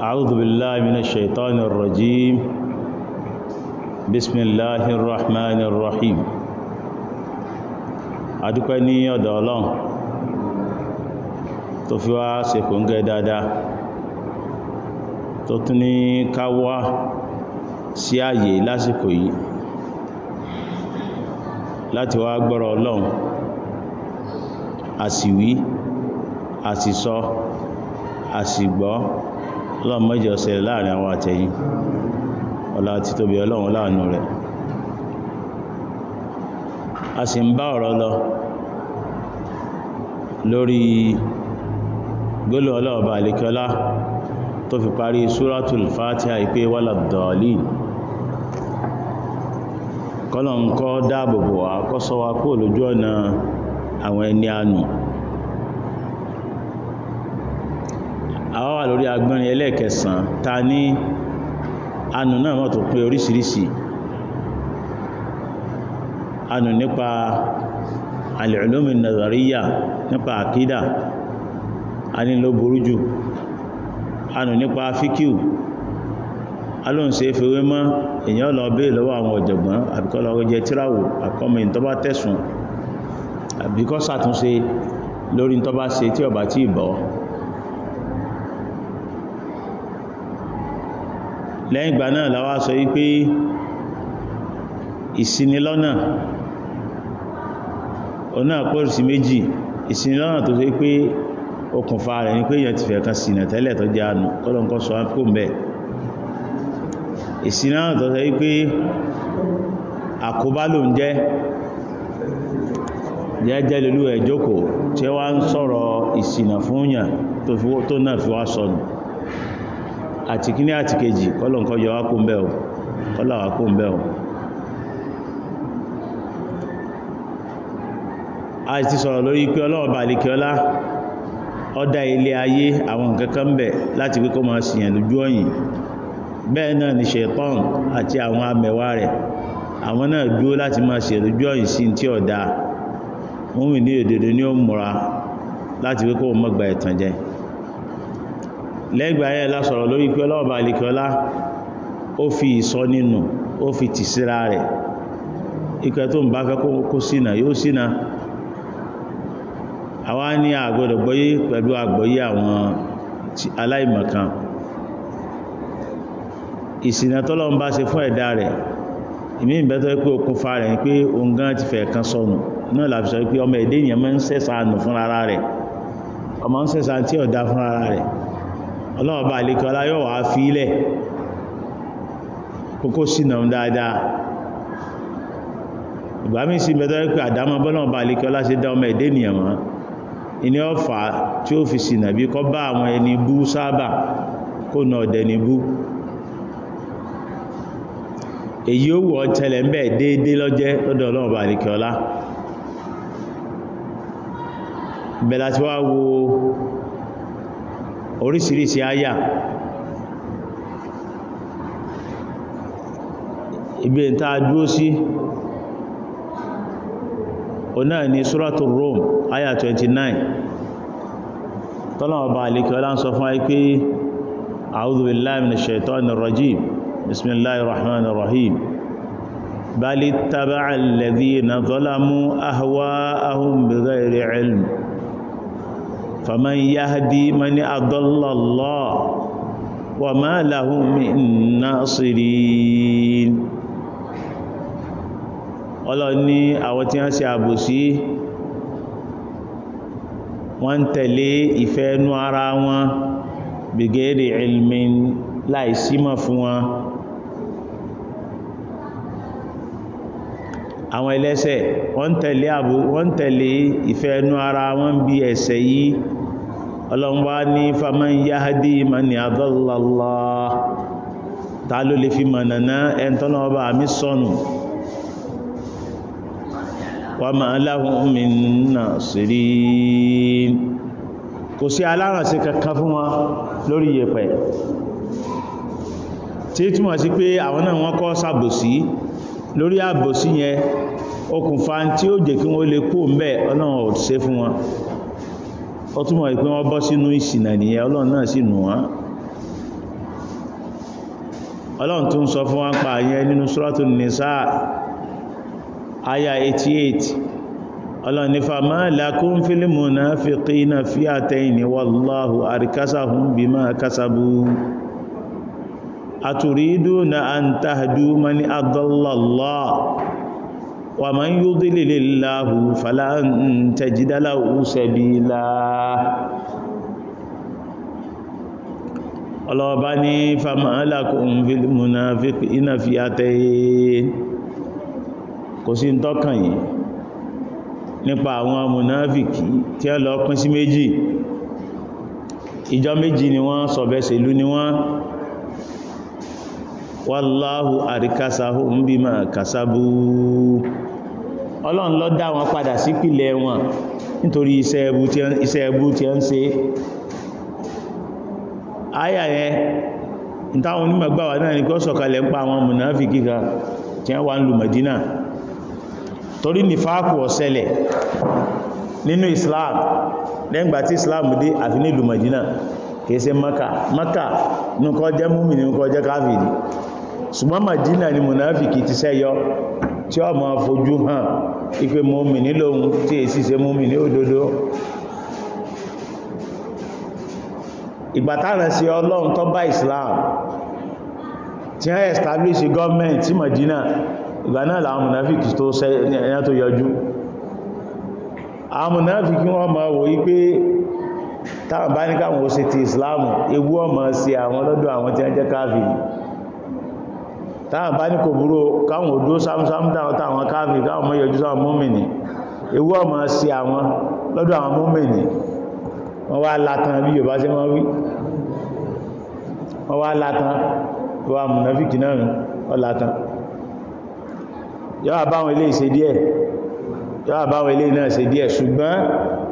أعوذ بالله من الشيطان الرجيم بسم الله الرحمن الرحيم adúpẹ́ ní ọ̀dọ̀ ọlọ́run tó fi wá sèkò ń gẹ́ dáadáa tó tún ní káwá sí ààyè lásìkò yìí láti wá gbọ́rọ̀ ọlọ́run àsìwí àsìsọ àsìgbọ́ ọlọ́run mọ́jẹ ọ̀sẹ̀lẹ̀ láàrin àwọn àtẹ̀yìn ọlá ti tóbi ọlọ́run láàánú rẹ̀ a sì ń bá ọ̀rọ̀ lọ lórí gbólò ọlọ́ọ̀bà àlekọ́lá tó fi parí súratul fatiha ìpé wàlà dọ̀ọ̀lì kọ́lọ̀ ń kọ́ dáàbòbò àkọ́sọ́wà kó lójú ọ̀nà àwọn ẹni ànù wà lórí agbọ́nrin ẹlẹ́ẹ̀kẹsàn ta ní anù náà mọ́ tó pé oríṣiríṣi anù nípa alìrìlómi nàzàríyà nípa àkídà a ní ló burú jù anù nípa fíkíù alóhùnṣe fewé mọ́ èyàn lọ béèrè lọ́wọ́ àwọn ọ̀jọ̀gbọ́n àbíkọ́ lọ jẹ tíráwò àkọ́mọ̀ tẹ̀sùn àbíkọ́ sàtúnṣe lórí ìtọ́bá ṣe tí ọ̀bá tí ìbọ̀ lẹ́yìn ìgbà náà la sọ wípé ìsinilọ́nà ọ̀nà pọ̀rùsí méjì ìsinilọ́nà tó sọ wípé okùnfà rẹ̀ ní pé èyàn ti sínà tẹ́lẹ̀ tó jẹ́ àánú kọ́lọ̀nkọ́ sọ ápò mẹ́ ìsinilọ́nà tó sọ wípé àti kíní àti kejì kọ́lọ̀ nǹkan yọ wá kó ń bẹ́ o kọ́lọ̀ wá kó ń bẹ́ o a ti sọ̀rọ̀ lórí pé ọlọ́ọ̀bà àlekẹ́ọ́lá ọdá ilé ayé àwọn nǹkan kan bẹ̀ láti pé kó máa sìyàn lójú ọ̀yìn bẹ́ẹ̀ náà ni ṣẹ̀tọ́n àti àwọn amẹ̀wà rẹ̀ àwọn náà dúró láti máa sìyàn lójú ọ̀yìn sí tí ọ̀dá mú ní òdodo ní ó múra láti pé kó mọ́gbà ẹ̀tàn jẹ́ lẹ́gbàáyẹ̀ la sọ̀rọ̀ lórí pé ọlọ́ọ̀bà alìkọ́lá ó fi ìsọ nínú ó fi tì síra rẹ̀ ikẹ́ tó ń bá fẹ́ kó sínà yóò sínà àwa ní àgbọ̀dọ̀ gbọ́yé pẹ̀lú àgbọ́yé àwọn aláìmọ̀kan ìsìnà tọ́lọ́ ń bá ṣe fún ẹ̀dá rẹ̀ ìmí ìbẹ́tọ́ pé okùnfà rẹ̀ pé òun gan ti kan sọnù náà làbí pé ọmọ ẹ̀dẹ́ ènìyàn máa ń sẹ̀sà nù rẹ̀ ọmọ ń sẹ̀sà tí ọ̀dá fún rẹ̀ ọlọ́run bá lè kọ́lá yóò wá fi ilẹ̀ kókó sínà dáadáa ìgbà mí sí mẹ́tọ́ pé àdámọ́ bọ́lọ́run bá lè kọ́lá ṣe dá ọmọ ẹ̀dẹ́ ènìyàn mọ́ ìní ọ̀fà tí ó fi sínà bí kọ́ bá àwọn ẹni bú sábà kó nà ọ̀dẹ̀ ni bú èyí ó wù ọ tẹ́lẹ̀ ń bẹ̀ déédé lọ́jẹ́ lọ́dọ̀ ọlọ́run bá lè kọ́lá oríṣiríṣi àyà ibi ìta dúró sí ọ̀nà ni súrátù Rome àyà 29 tọ́lọ̀wọ̀ bá alékẹ́ ọlá ń sọ fún àyí pé a'udhu billahi minash shaitanir rajim bismillahir rahmanir rahim bal ittaba'a alladhina zalamu ahwa'ahum bighayri ilm faman yahdi man adalla Allah wa ma lahum min nasirin ọlọ́ni àwọn tí wọ́n ṣe àbòsí wọ́n ń tẹ̀lé ìfẹ́ ẹnu ara wọn bìgẹ́rẹ̀ ilmin láìsímọ̀ fún wọn àwọn ẹlẹ́ṣẹ̀ wọ́n tẹ̀lé àbú wọ́n tẹ̀lé ìfẹ́ ẹnu ara wọn bí ẹ̀ṣẹ̀ yìí ọlọ́mwá ní faman yahadi mani adọ́lọ́lọ́ ta ló lè fi mọ̀nàná ẹntọ́nà ọba àmì sọ́nù wa ma lahum min nasirin kò sí alárànṣe kankan lórí àbòsí yẹn okùnfà tí ó jẹ́ kí wọ́n lè kó mẹ́ ọlọ́run ò fún wọn ó túnmọ̀ pé wọ́n bọ́ sínú ìṣìnà nìyẹn ọlọ́run náà sì nù wọ́n ọlọ́run tún sọ fún wọn pa àyẹn nínú sọ́rọ̀tù nìsá aya 88 ọlọ́run nífà máa lákún fílìmù náà fi kí aturidu na an tahdu mani adalla wa man yudlilillahu fala an tajida lahu sabila Allah ba ni fama alakun fil munafiq ina fi atayn ko si ntokan yi nipa awon munafiq ti lo pin si meji ijo meji ni won so be lu ni won wàláhù àríkásáhù ń bí máa kàsábú ọlọ́run ló dá wọn padà sí wọn nítorí iṣẹ́ ẹbú tí ó ń se ayà yẹn ìtawọn onímọ̀gbàwà náà sọ̀kalẹ̀ ń pa àwọn tí wọ́n wà ń ní fáàkù ọ̀sẹ̀lẹ̀ nínú Islam lẹ́gbà tí Islam dé àfi ní ìlú Mẹ̀dínà kìí Maka Maka nukọ́ jẹ́ múmi jẹ́ káfìdì ṣùgbọ́n Madina ni munafiki ti sẹ́yọ tí ó máa fojú hàn ipe mọ́mìnì lóhun tí èsì ṣe mọ́mìnì òdodo ìgbàtàrẹsí ọlọ́run tó bá Islam tí wọ́n establish government tí Madina ìgbà náà làwọn munafiki tó sẹ́ ẹ̀yà tó yọjú àwọn munafiki wọ́n máa wò yí pé táwọn bá ní káwọn ó ṣe ti Islam ewu ọmọ sí àwọn lọ́dọ̀ àwọn tí a jẹ́ káàfì yìí táwọn bá ní kò burú káwọn òdó sámsám dáwọn táwọn káàfì káwọn mọ́ yọjú sáwọn mọ́mìnì ewu ọmọ sí àwọn lọ́dọ̀ àwọn mọ́mìnì wọ́n wá látàn bí Yorùbá sí wọ́n wí wọ́n wá látàn wọ́n mùnàfíkì náà wọ́n látàn yọ́wà báwọn ilé ìṣe díẹ̀ yọ́wà báwọn ilé náà ṣe díẹ̀ ṣùgbọ́n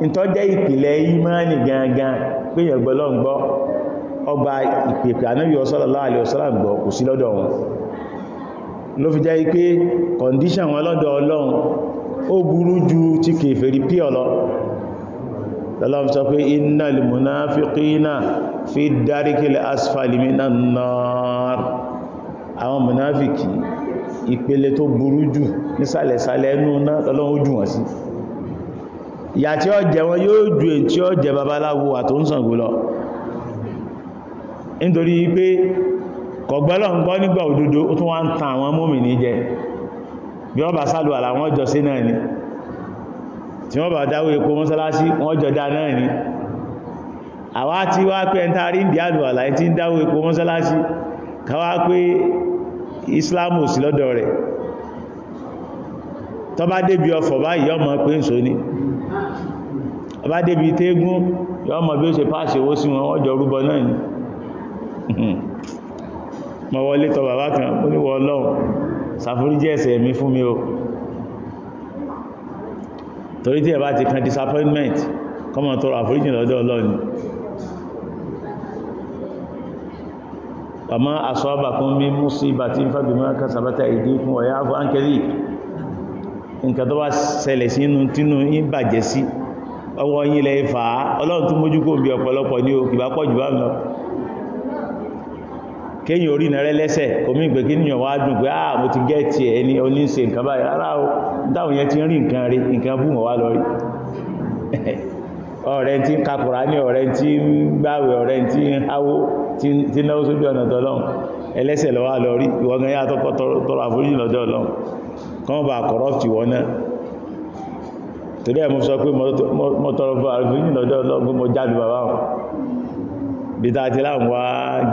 ìtọ́jẹ́ ìpìlẹ̀ ìmánì gangan pé yẹ̀gbọ́lọ́ gbọ́ ọgbà ìpèpè ànábì sallallahu alaihi wasallam gbọ́ kò sí lọ́dọ̀ wọn ló fi jẹ́ pé kọ̀ndíṣàn wọn lọ́dọ̀ ọlọ́run ó burú ju ti kèfèrí pí ọ̀lọ́ lọ́lọ́run sọ pé innal munafiqina fi darikil asfali minan nar àwọn munafiki ìpele tó burú jù nísàlẹ̀sàlẹ̀ ẹnu náà lọ́lọ́run ó jù wọ́n sí ju kọ̀gbọ́lọ̀ ń gbọ́ nígbà òdodo ó tún wá ń tan àwọn mùmínì ní jẹ bí wọ́n bá sálù àlà wọ́n jọ sí náà ni tí wọ́n bá dáwó epo mọ́sálásí wọ́n jọ dá náà ni àwa tí wá pé ẹn tarí ń di àlù àlà tí ń dáwó epo mọ́sálásí káwá pé islamu sí lọ́dọ̀ rẹ̀ tó bá débi ọfọ̀ báyìí yọ́mọ pé ń so ni ọba débi tégún yọ́mọ bí ó ṣe páàṣẹ sí wọn wọ́n jọ rúbọ náà ni mọ́ wọlé tọ bàbá kan ó ní Ọlọ́run ṣàforíjì ẹ̀ṣẹ̀ mi fún mi o torí tí ẹ bá ti kan disappointment kọmọ tọrọ àforíjì lọ́dọ̀ Ọlọ́run àmọ́ àṣọ́bà kún mí mú sí ìbà tí ń fàbí mọ́ kásàbátà ìdí fún ọ̀yá àfọ́ áńkẹ́lì nǹkan tó wá ṣẹlẹ̀ sí inú tínú ń bàjẹ́ sí ọwọ́ yín lẹ́ẹ̀fà Ọlọ́run tún mójú kó bí ọ̀pọ̀lọpọ̀ ní o kìbá pọ̀ jù bá ń kéyìn orí ìnà rẹ lẹ́sẹ̀ omi ìgbè kí níyàn wá dùn pé àà ah, mo ti gẹ́ẹ̀tì ẹni oníṣe nǹkan báyìí rárá o dáwọn yẹn ti rí nǹkan rí nǹkan bú wọn wá lọ rí ọ̀rẹ́ tí ń kakùrá ní ọ̀rẹ́ tí ń gbáwẹ̀ ọ̀rẹ́ tí ń háwó tí náwó sójú ọ̀nà tọ́lọ́run ẹlẹ́sẹ̀ lọ́wọ́ lọ rí ìwọ̀gán yá tọ́kọ́ tọrọ àforíjì lọ́dọ̀ ọlọ́run kan bá corrupt ìwọ náà torí ẹ̀ mo sọ pé mo tọrọ àforíjì lọ́dọ̀ ọlọ́run mo jáde bàbá wọn bí tá ti láwọn wá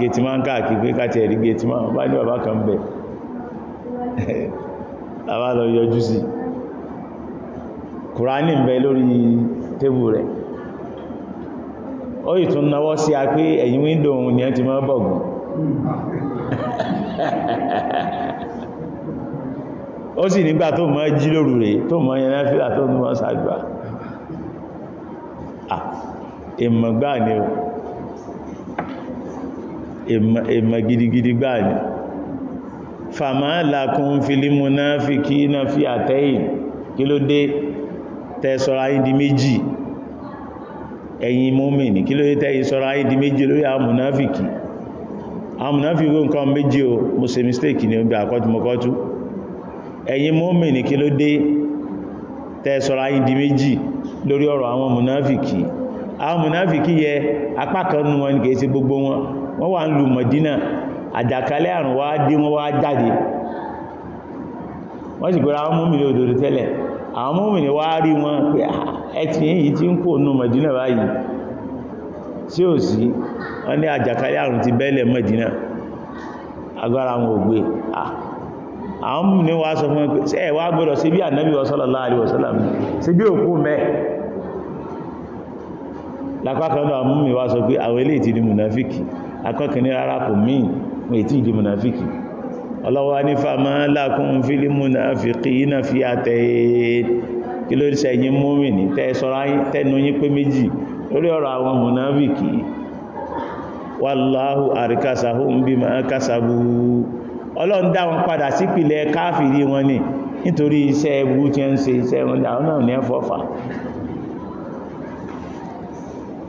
gẹ̀tìmá ń káàkiri pé káàkiri ẹ̀rí gẹ̀tìmá bá ní bàbá kan bẹ̀ àbá lọ yọjú sí kùránì ń bẹ lórí tébù rẹ̀ ó ìtún náwọ́ sí a pé ẹ̀yìn wíńdò òun ni ẹ ti mọ́ bọ̀gùn ó sì nígbà tó mọ́ jí lóru rẹ̀ tó mọ́ yẹn náfíà tó mọ́ sàgbà ìmọ̀gbà ni o èmọ̀ gidigidi gbáà ni fàmá làkún filimu náà fi kí iná fi àtẹ́yìn kí ló dé tẹ́sọ́ra ìdí méjì ẹ̀yin mọ́mìnì kí ló dé tẹ́yìn sọ́ra ìdí méjì lórí àmùnáfìkì àmùnáfìkì nǹkan méjì o mo ṣe mistake ni obi àkọ́tùmọ́kọ́tù ẹ̀yin mọ́mìnì kí ló dé tẹ́sọ́ra ìdí méjì lórí ọ̀rọ̀ àwọn mùnáfìkì àwọn mùnáfìkì yẹ apá kan nù wọn kìí ṣe gbogbo wọn wọ́n wà ń lu Mọ̀dínà àjàkálẹ̀ àrùn wá dé wọ́n wá jáde wọ́n sì pẹ̀lú àwọn mọ́mìnì òdòdó tẹ́lẹ̀ àwọn mọ́mìnì wá rí wọn pé ah, ẹtì yìí tí ń kò nù Mọ̀dínà báyìí tí ò sí wọ́n ní àjàkálẹ̀ àrùn ti bẹ́lẹ̀ Mọ̀dínà agbára wọn ò gbé ah, àwọn mọ́mìnì wá sọ fún pé ẹ wá gbọ́dọ̀ sí bí ànábì sallallahu alaihi wasallam sí bí òkú mẹ́ lápá kan náà mọ́mìnì wá sọ pé àwọn eléyìí ti di mùnàfíkì akọkọ rárá kò míì wọ́n ètí ìdí mùnàfíkì ọlọ́wọ́ nífà máa lákún fílímù náà fi kí iná fi àtẹ̀ kí ló ṣe yí múmi ní tẹ́sọ́rá tẹ́nu yí pé méjì lórí ọ̀rọ̀ àwọn mùnàfíkì wàláhù àríkásàhùn bí máa kásàbù ọlọ́run dá wọn padà sípìlẹ̀ káàfìrí wọn ni nítorí iṣẹ́ ẹbú tí ń ṣe iṣẹ́ wọn dáwọn náà ní ẹfọ́fà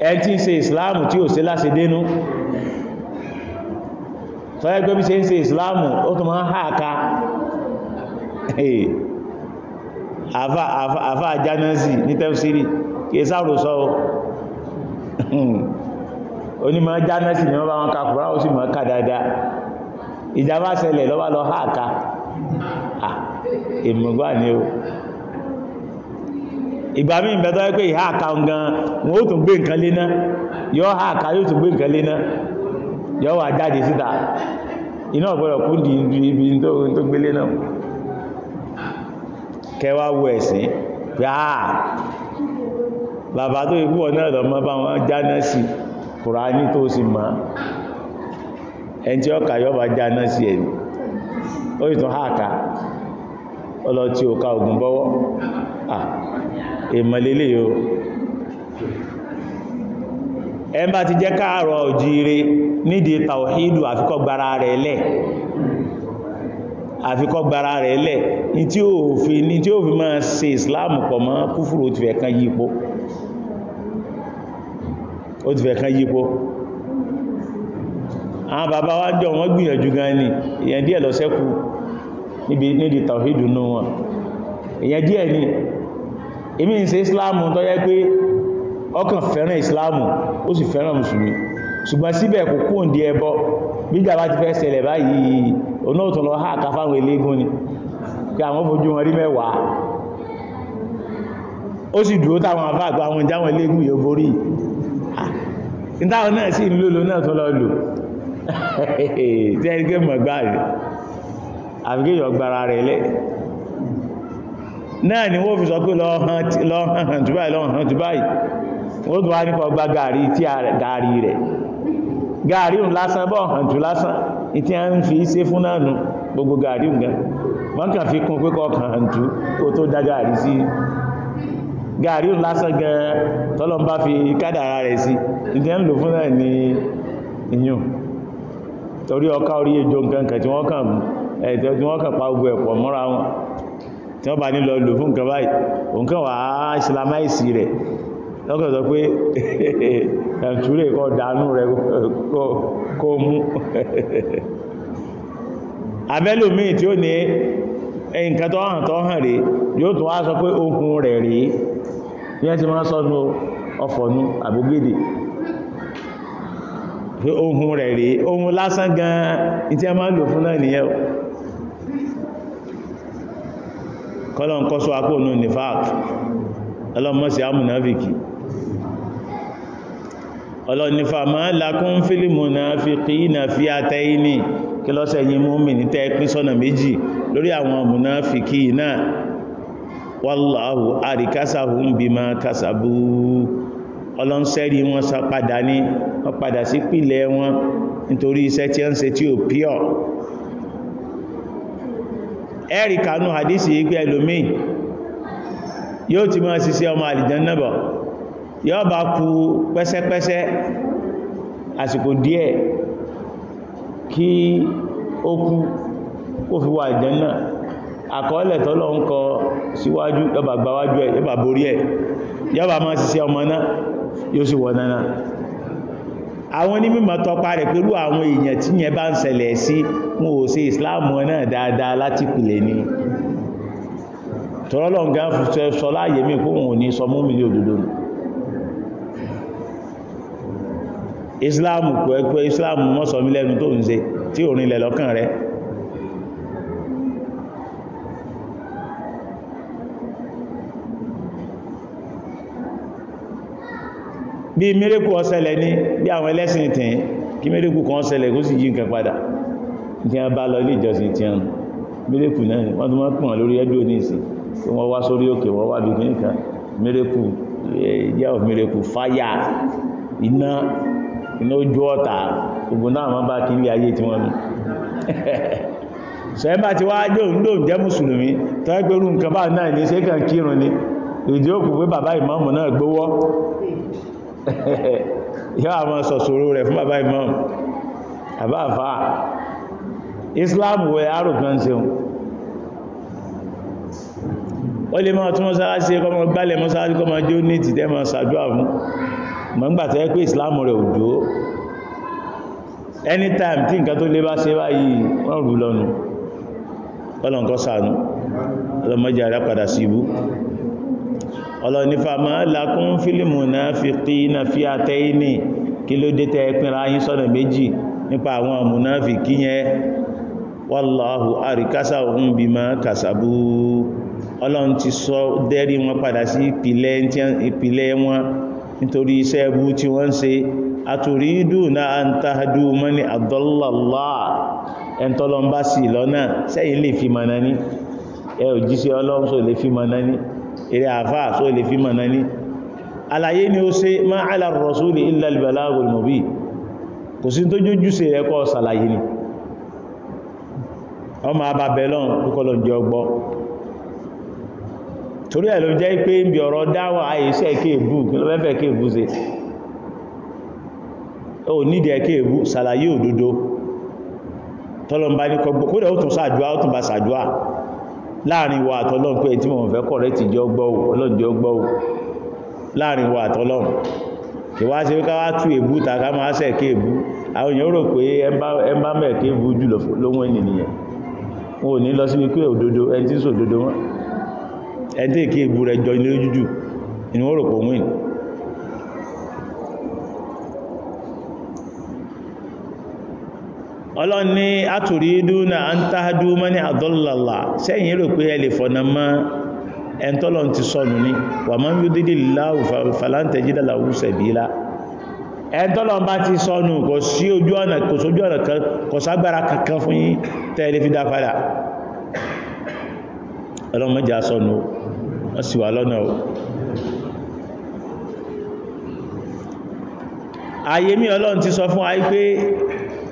ẹ tí ń ìsìláàmù tí tọ́yẹ́ pé bí ṣe ń ṣe ìsìláàmù ó tó máa ń hà ká àfá àjánásì ní tẹ́fsìrì kìí sáàrò sọ onímọ̀ jánásì ni wọ́n bá wọn kàkùrá ó sì mọ̀ ká dáadáa ìjàmbá ṣẹlẹ̀ lọ́wọ́ lọ hà ká èmùgbà ni ó ìgbà mí ìbẹ̀tọ́ pé ìhá àká gan wọn ó tún gbé nǹkan léná yọ́ hà ká yóò tún gbé nǹkan léná yọ́ wà jáde síta iná ọ̀gbọ́dọ̀ kú di ibi tó gbélé náà kẹwàá wo ẹ̀sìn yáà bàbá tó ikú ọ̀nà ọ̀dọ̀mọ́ bá wọn jáná sí ní tó sì mọ́ ẹn tí ọkà yọba jáná sí ẹ̀yìn ó ìtàn háàkà ọlọ tí ogun bọ́wọ́ ẹmbá ti jẹ́ káàrọ̀ òjíire nídìí tàwíìdù àfikọ́ gbara rẹ̀ lẹ̀ àfikọ́ gbara rẹ̀ lẹ̀ ní tí ó fi ní tí ó fi máa ṣe ìsìláàmù pọ̀ mọ́ kúfùrù ó kan yípo àwọn bàbá wa jọ wọ́n gbìyànjú gan ni èyàn díẹ̀ lọ sẹ́kù nídìí tàwíìdù nù wọn èyàn díẹ̀ ni èmi ìsìláàmù tó yẹ pé ọkàn fẹ́ràn ìsìláàmù ó sì fẹ́ràn mùsùlùmí ṣùgbọ́n síbẹ̀ kò kú òǹdí ẹbọ gbígbà bá ti fẹ́ ṣẹlẹ̀ báyìí onóòtún lọ ha àká fáwọn eléégún ni pé àwọn fojú wọn rí mẹ́wàá ó sì dúró táwọn afáàgbà àwọn ìjáwọn eléégún yóò borí ìtawọn náà sì ń lòlò náà tó lọ lò tí ẹni gé mọ̀gbá rẹ̀ àfikẹ́yọ̀ gbára rẹ̀ lẹ́ náà ni wọ́n fi sọ pé lọ hàn tí báyìí lọ hàn tí báyìí wọ́n tún ní kọ gba gàrí tí gaari rẹ̀ gàrí òun lásán bọ́ hàn lásán ìtí a ń fi ṣe fún náà nù gbogbo gàrí kàn fi kún pẹ́kọ̀ kàn kó tó dá gaari sí gàrí òun lásán gan tọ́lọ́ bá fi kádàrá rẹ̀ sí ìtí a ń lò fún náà ní ìyún torí ọká orí ejò nǹkan kan tí wọ́n kàn tí wọ́n kàn pa gbogbo ẹ̀pọ̀ mọ́ra lọ́kàn sọ pé ẹ̀túrẹ́ kọ́ dánú rẹ̀ kó mú abẹ́lòmí tí ó ní nǹkan tó hàn tó hàn rí yóò tún wá sọ pé okun rẹ̀ rí ní ẹ́ ti máa sọ́nu ọfọ̀nú àbúgbèdè pé ohun rẹ̀ rí ohun lásán gan-an ní tí a máa lò fún náà nìyẹn kọ́lọ̀ ń kọ́ sọ apónú nìfàk ọlọ́mọ́sí amúnàfíkì ọlọ́nifàmá lakún fílìmù náà fi kìína fi àtẹ́yí ní kí lọ́sẹ̀ yìí mú mi ní tẹ́ pín sọ́nà méjì lórí àwọn ọmọ̀nà fi kìína wallahu àríkásàhùn bima kásàbú ọlọ́nsẹ́rí wọn sá padà ní wọ́n padà sí pìlẹ̀ wọn nítorí iṣẹ́ tí ó ń ṣe tí ó píọ̀ ẹ̀rì kanú hadisi yìí pé ẹlòmíì yóò ti máa ṣiṣẹ́ ọmọ àlìjẹ́ náà yọ́ bá kú pẹ́sẹ́pẹ́sẹ́ àsìkò díẹ̀ kí ó kú kó fi wà Àlùjánnà àkọọ́lẹ̀ tọ́lọ ń kọ síwájú yọba gbáwájú ẹ̀ yọba borí ẹ̀ yọba máa ṣiṣẹ́ ọmọ náà yóò sì wọ náà àwọn onímọ̀ tọpa rẹ̀ pẹ̀lú àwọn èèyàn tí yẹn bá ń ṣẹlẹ̀ sí mú ò sí ìsìláàmù náà dáadáa láti pìlẹ̀ ni tọ́lọ́lọ́ islam kò ẹ pé islam mọ́sọ̀ mi lẹ́nu tó ń ṣe tí ò rinlẹ̀ lọ́kàn rẹ bí mẹ́rẹ́kù ọ̀sẹ̀lẹ̀ ní bí àwọn ẹlẹ́sìn tìí kí mẹ́rẹ́kù kan ṣẹlẹ̀ kó sì yí nǹkan padà tí a bá lọ ilé ìjọsìn tí a ń mẹ́rẹ́kù náà wọ́n tó máa pọ̀ lórí ẹjọ́ ní ìsìn tí wọ́n wá sórí òkè wọ́n wá bí nǹkan mẹ́rẹ́kù yẹ́ ọ̀ mẹ́rẹ́kù fáyà lójú ọ̀tà gbogbo náà ma bá kí ilé ayé tí wọ́n ní sọ ẹ ti wá jẹ́ òun lóòun jẹ́ mùsùlùmí tó ẹ́ pẹ̀lú nǹkan bá náà ní ṣe kàn baba ni ìdí òkú pé bàbá ìmáàmù náà gbówọ́ yọ́ àwọn sọ̀sọ̀rọ̀ rẹ̀ fún bàbá ìmáàmù àbá àfá Islam wẹ arùkan ṣeun ó lè máa túnmọ́ sí ẹkọ́ mọ́ gbálẹ̀ mọ́ sí kọ́ mọ́ jóníìtì tẹ́ mọ́ mọ̀gbà tẹ́ pé ìsìláàmù rẹ̀ òjò anytime tí nǹkan tó lé bá ṣe báyìí wọ́n rú lọ́nu ọlọ́nkọ́ sànú ọlọ́mọjá rẹ̀ padà sí ibú ọlọ́nífà máa lákún fílìmù náà fi kí na fi àtẹ́ ìní kí ló dé tẹ́ pínra yín sọ́nà méjì nípa àwọn àmúná fi kíyẹn wallahu àríkásà ohun bí máa kàsàbú ọlọ́run ti sọ dẹ́rí wọn padà sí ìpìlẹ̀ wọn nítorí iṣẹ́ ẹbú tí wọ́n ṣe àtùrídù náà an tàhádù mọ́ni àdọ́lọ́lá ẹntọ́lọ́mbá sí lọ́nà sẹ́yìn lè fi mọ̀nà ní ẹ òjíṣẹ́ ọlọ́run só lè fi mọ̀nà ní eré àfà só lè fi mọ̀nà ní àlàyé ni ó ṣe má ala rasuli illa albalagul torí ẹ̀ ló jẹ́ pé ibi ọ̀rọ̀ dáwà àìṣẹ́ kéèbù kí ló fẹ́fẹ́ kéèbù ṣe ó nídìí ẹ kéèbù sàlàyé òdodo tọ́lọ́mbá ní kọgbó kódà ó tún sàdúà ó tún bá sàdúà láàrin wa àtọ́lọ́n pé tí mo fẹ́ kọ̀ rẹ̀ ti jọ gbọ́wò ọlọ́njọ́ gbọ́wò láàrin wa àtọ́lọ́n ìwá ṣe ká wá tú ẹ̀dẹ́ ìkí egbò rẹ̀ jọ ilé jújù inú ó rò pò win a ní àtòrí na à ń táádú mọ́ ní àdọ́lọ́lá sẹ́yìn rò pé ẹ lè fọ̀nà mọ́ ẹntọ́lọ́n ti sọnù ní wà máa ń yóò dédé láwù fàlántẹ̀ jídà láwù sẹ̀bílá ẹntọ́lọ́n bá ti sọnù kò sí ojú ọ̀nà kò sójú ọ̀nà kan kò ságbára kankan fún yín tẹ́lẹ̀ fi dá padà ọlọ́mọdé asọnù o wọ́n sì wà lọ́nà o ayé mí ọlọ́run ti sọ fún ayé pé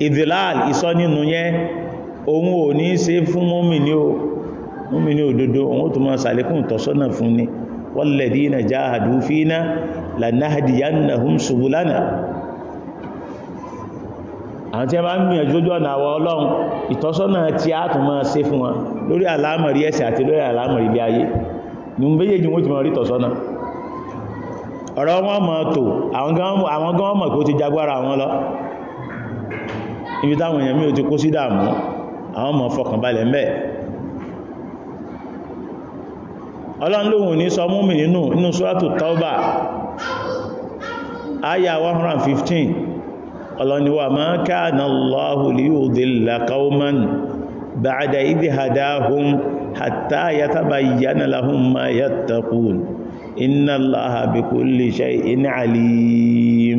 ìdìláàl ìsọ nínú yẹn òun ò ní ṣe fún múmìnì o múmìnì òdodo òun tó máa sàlékún ìtọ́sọ́nà fún ni walladhina jahadu fina lanahdiyannahum subulana àwọn tí a bá ń gbìyànjú lójú ọ̀nà ní méjèèjì wọ́n ti mọ̀ rí tọ̀sọ́nà ọ̀rọ̀ wọn mọ̀ tò àwọn gan mọ̀ kó ti jagbára wọn lọ ibi táwọn èèyàn mí o ti kó sí dààmú àwọn mọ̀ fọkànbalẹ̀ mẹ́ ọlọ́run lóhun ní sọ múmi nínú inú sọ́rọ̀tù tọ́bà ayà 115 ọlọ́niwà ma kana Allahu liyudilla qauman بعد إذ هداهم حتى يتبين لهم ما يتقون إن الله بكل شيء عليم.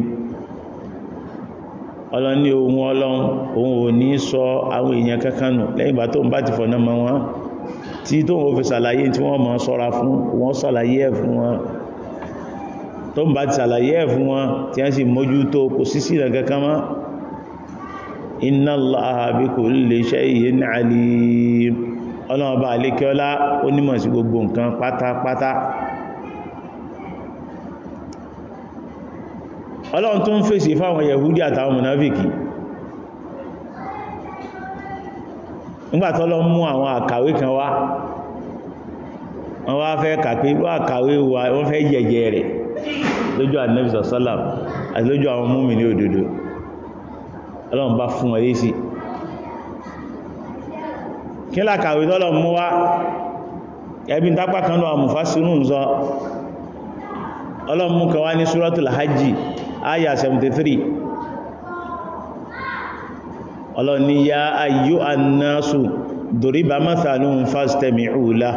alim ọlọ́run ní ohun ọlọ́run òun ò ní sọ àwọn èèyàn kankan nù lẹ́yìn ìgbà tó ń bá ti fọ̀nà mọ́ wọn tí tó ń fi ṣàlàyé tí wọ́n mọ̀ sọ́ra fún wọ́n ṣàlàyé ẹ̀ fún wọn tó ń bá ti ṣàlàyé ẹ̀ fún wọn tí wọ́n sì mójú tó kò sí sí ìrẹ̀gẹ́kan mọ́ inna Allaha bi kulli shay'in alim ọlọ́ọ̀bá alékiọ́lá onímọ̀ sí gbogbo nǹkan pátápátá ọlọ́run tó ń fèsì fáwọn yẹ̀húdí àtàwọn mùnáfìkì nígbàtọ́lọ́ mú àwọn àkàwé kan wá wọ́n wá fẹ́ kàpé ló àkàwé wọ́n fẹ́ yẹ̀yẹ̀ rẹ̀ lójú ànábì sallallahu alaihi wasallam àti lójú àwọn múmi ní òdodo ọlọ́run bá fún ẹ̀rí sí kí lákàwé tọ́lọ̀ mú wá ẹbí tápá kan lọ àmùfá sínú ǹzọ ọlọ́run mú kan wá ní Suratul Hajj ayà 73 ọlọ́run ní ya ayyuhan nasu duriba mathalun fastami'u lah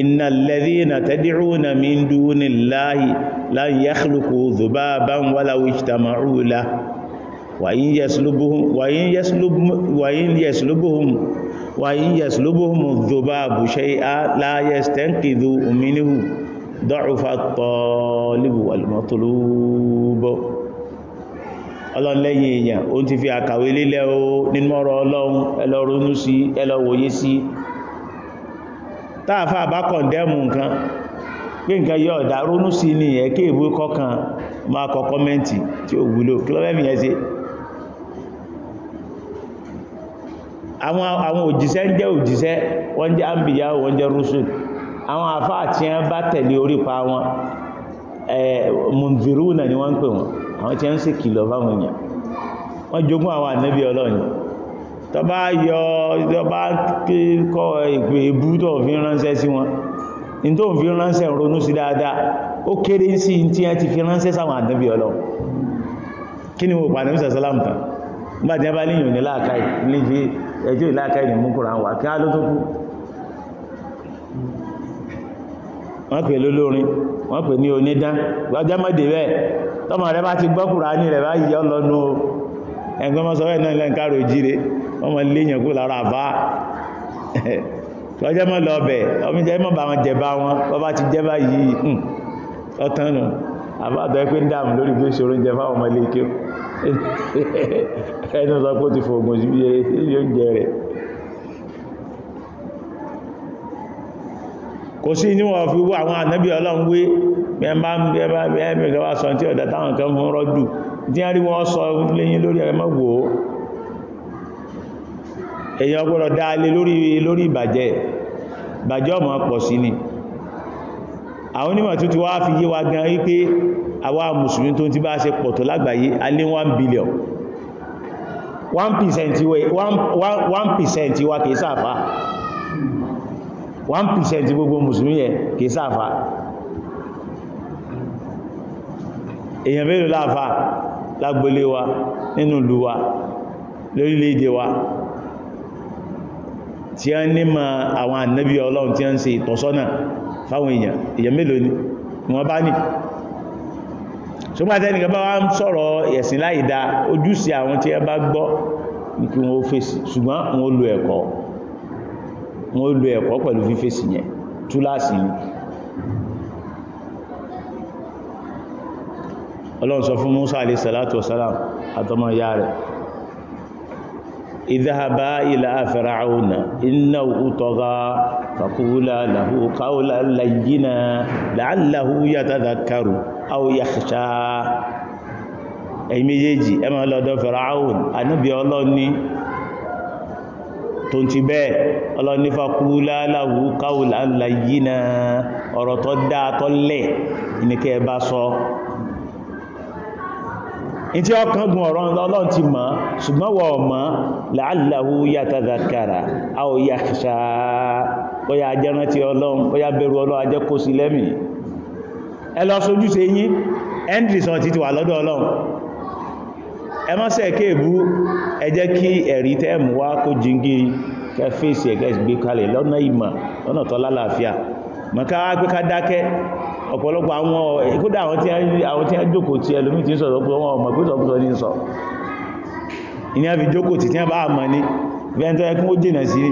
inna alladhina tad'una min dunillahi lan yakhluqu dhubaban walaw ijtama'u lahu wàyín yẹ̀sùlóbóhùn jọba àbúṣẹ́ láyẹ̀ stẹ́ǹkìdó òmìnirù dọ́rùfà tọ́lìbù alìmọ̀tòlóbọ̀ ọlọ́lẹ́yìn èèyàn o ti fi àkàwé lélẹ̀ o nínú ọ̀rọ̀ ọlọ́run ẹlọ́rọ̀nú sí ẹlọ́wòye sí táàfà bá kọ̀ndẹ́mù nǹkan pé nǹkan ní àwọn àwọn òjíṣẹ́ ń jẹ́ òjíṣẹ́ wọ́n jẹ́ àmbìyà wọ́n jẹ́ rúsù àwọn àfáà tí wọ́n bá tẹ̀lé orípa wọn mùnzirúnà ni wọ́n ń pè wọn àwọn tí wọ́n ń ṣèkìlọ̀ fáwọn èèyàn wọ́n jogún àwọn ànábì ọlọ́run tó bá yọ tó bá kọ́ ìpè ebú tó fi ránṣẹ́ sí wọn ní tó fi ránṣẹ́ ronú sí dáadáa ni mo pàdánù sàṣálàmù ẹjọ́ ìlàkà ẹ̀yìn mú kúrò àwọn àkíá ló tó kú wọ́n pè lólórin wọ́n pè ní onídán lọ́jọ́ mọ́dé bẹ́ẹ̀ tọ́mọ rẹ bá ti gbọ́ Kùránì rẹ̀ bá yí ọlọ́nu ẹgbẹ́ mọ́ sọ́rọ̀ náà lẹ́nkà rò jíire wọ́n mọ́ léyàn kú lára bá lọ́jọ́ mọ́ lọ bẹ̀ ọmọ jẹ́ mọ́ bá wọn jẹ bá wọn bọ́ bá ti jẹ́ bá yìí ọ̀tán nù àbádọ́ pé ń dààmú lórí bí ó ṣòro ń jẹ fáwọn ọmọ ilé kéwù ẹni sọ pé ó ti fògùn sí ilé oúnjẹ rẹ̀ kò sí ní wọ́n fi wú àwọn ànábì ọlọ́run wé mẹ́mbà mẹ́gbà sọ tí ọ̀dá táwọn kan fún rọ́dù tí a rí wọ́n sọ léyìn lórí ẹ̀mọ́ wò ó èyàn gbọ́dọ̀ dáa lé lórí ìbàjẹ́ ìbàjẹ́ ọmọ pọ̀ sí ni àwọn onímọ̀ tó ti wá fi yé wa gan wípé àwa mùsùlùmí tó ti bá ṣe pọ̀ tó lágbàáyé alé 1 billion 1% wa kìí sáàfà 1% gbogbo mùsùlùmí yẹ kìí sáàfà èyàn mélòó láàfà lágbólé wa nínú ìlú wa lórílẹ̀-èdè wa tí a ń ní ma àwọn ànábí ọlọ́run tí a ń ṣe ìtọ́sọ́nà fáwọn èèyàn èèyàn mélòó ni wọ́n bá ní ṣùgbọ́n àtẹ́nìkan bá wá ń sọ̀rọ̀ ẹ̀sìn láì dá ojúṣe àwọn tí ẹ bá gbọ́ nípa wọn ó fèsì ṣùgbọ́n wọn ó lo ẹ̀kọ́ wọn ó lo ẹ̀kọ́ pẹ̀lú fífèsì yẹn túláàsì ni ọlọ́run sọ fún Musa alayhi salatu wasalam àtọmọ ìyá rẹ̀ ìdáhàbá ilá fìràúnà iná òkútọ́gá fàkúrúlá làhú káúlá làyínà láàláhú yàtàdà karù áwòyàṣà ẹ̀yìn méjèèjì ẹmà lọ́dọ̀ fìràún ànábì ọlọ́ni tó ti bẹ́ẹ̀ ọlọ́ni fàkúrúlá làhú káúlá làyínà ọ̀rọ̀ tó dáa in tí ọkàn gun ọ̀rọ̀ ọlọ́run ti mọ̀ ṣùgbọ́n wọ ọmọ la'allahu yatadhakkara aw yakhsha bóyá ajẹ́rántí ọlọ́run bóyá bẹ̀rù ọlọ́run ajẹ́ kó sí lẹ́mì ẹ lọ sojú se yín endrison ti ti wà lọ́dọ̀ ọlọ́run ẹ mọ́ sẹ́ kéèbú ẹ jẹ́ kí ọ̀pọ̀lọpọ̀ àwọn kódà àwọn tí a jókòó tí ẹlòmí tí ń sọ̀rọ̀ pé wọ́n ọmọ ìpínlẹ̀ ọ̀pọ̀lọpọ̀ ní sọ ìní àfi jókòó tí tí a bá mọ̀ ní bẹ́ntọ́ ẹkún ó jìnà sí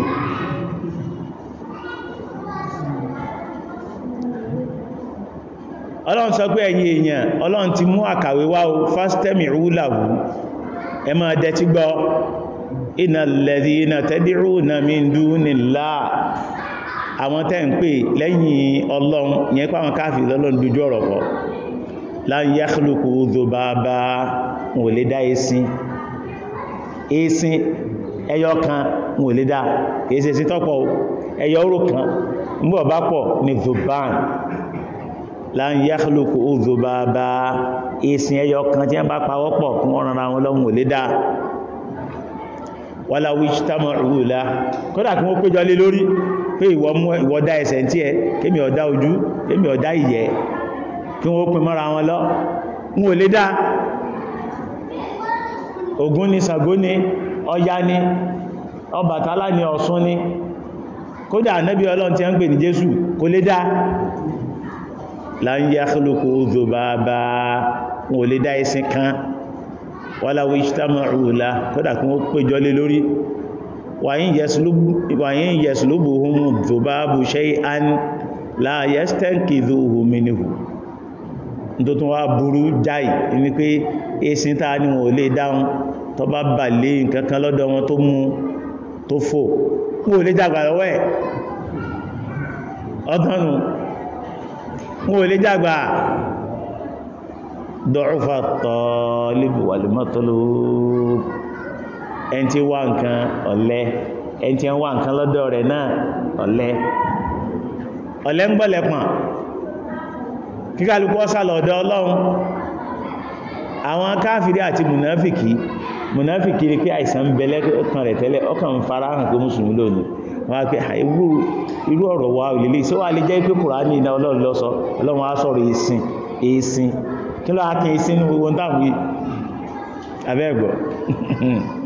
ọlọ́run sọ pé ẹ̀yin èèyàn ọlọ́run ti mú àkàwé wá o fásitẹ́mì rúlàwú ẹ máa dẹ̀tí gbọ́ ìnà lẹ́dí ìnà ń dún nílá àwọn tẹ́ ń pè lẹ́yìn ọlọ́run yẹn pàwọn káàfì lọ́lọ́run dojú ọ̀rọ̀ pọ̀ láń yáxlùkù zòbá bá wọn ò lè dá ẹṣin ẹṣin ẹyọ kan wọn ò lè dá kèése sí tọ́pọ̀ ẹyọ oró kan mbọ̀ bá pọ̀ ní zòbán láń yáxlùkù zòbá bá ẹṣin ẹyọ kan tí wọ́n bá pawọ́ pọ̀ pé ìwọ mú ìwọ dá ẹsẹ̀ tí ẹ kémi ọ̀dá ojú kémi ọ̀dá ìyẹ́ kí wọ́n pín mọ́ra wọn lọ mú O lé dá Ògún ni Ṣàngó ni Ọya ni Ọbàtálá ni Ọ̀ṣun ni kódà ànábì Ọlọ́run tí a ń pè ní Jésù kò lé dá la ń yá kúlùkù òjò bàbá wọn ò lè dá ẹsìn kan wọ́n láwọ́ ìṣítàmọ̀ òòlà kódà kí wọ́n péjọ lé lórí wàyín yẹ̀sùlúbù húnmù tó bá bù ṣe án láàyẹ́ stẹ́ǹkìdó hominihu tó tún wá burú jáì ní pé èsìn tàà ní wọn ò lè dáhùn tó bá bà lé nǹkankan lọ́dọ̀ wọn tó mú tó fò wọn lè jàgbà lọ́wọ́ ọdọ́nù wọn lè jàgbà dọ̀rọ̀fà tọ́ọ̀lẹ́bù wàlùmọ́tọ́lọ́ọ̀bù ẹni wá nǹkan ọ̀lẹ ẹni wá nǹkan lọ́dọ̀ rẹ̀ náà ọ̀lẹ ọ̀lẹ ń gbọ́lẹ̀pọ̀n kíkàlùkù ọ̀sà lọ́dọ̀ ọlọ́run àwọn káàfìrí àti mùnáfìkì mùnáfìkì ni pé àìsàn ń rẹ̀ tẹ́lẹ̀ ọkàn fara hàn pé mùsùlùmí lónìí wọ́n á pé irú ọ̀rọ̀ wa ò lélẹ̀ ṣé lè jẹ́ pé iná ọlọ́run sọ ọlọ́run á sọ̀rọ̀ èsìn èsìn kí ló á kí èsìn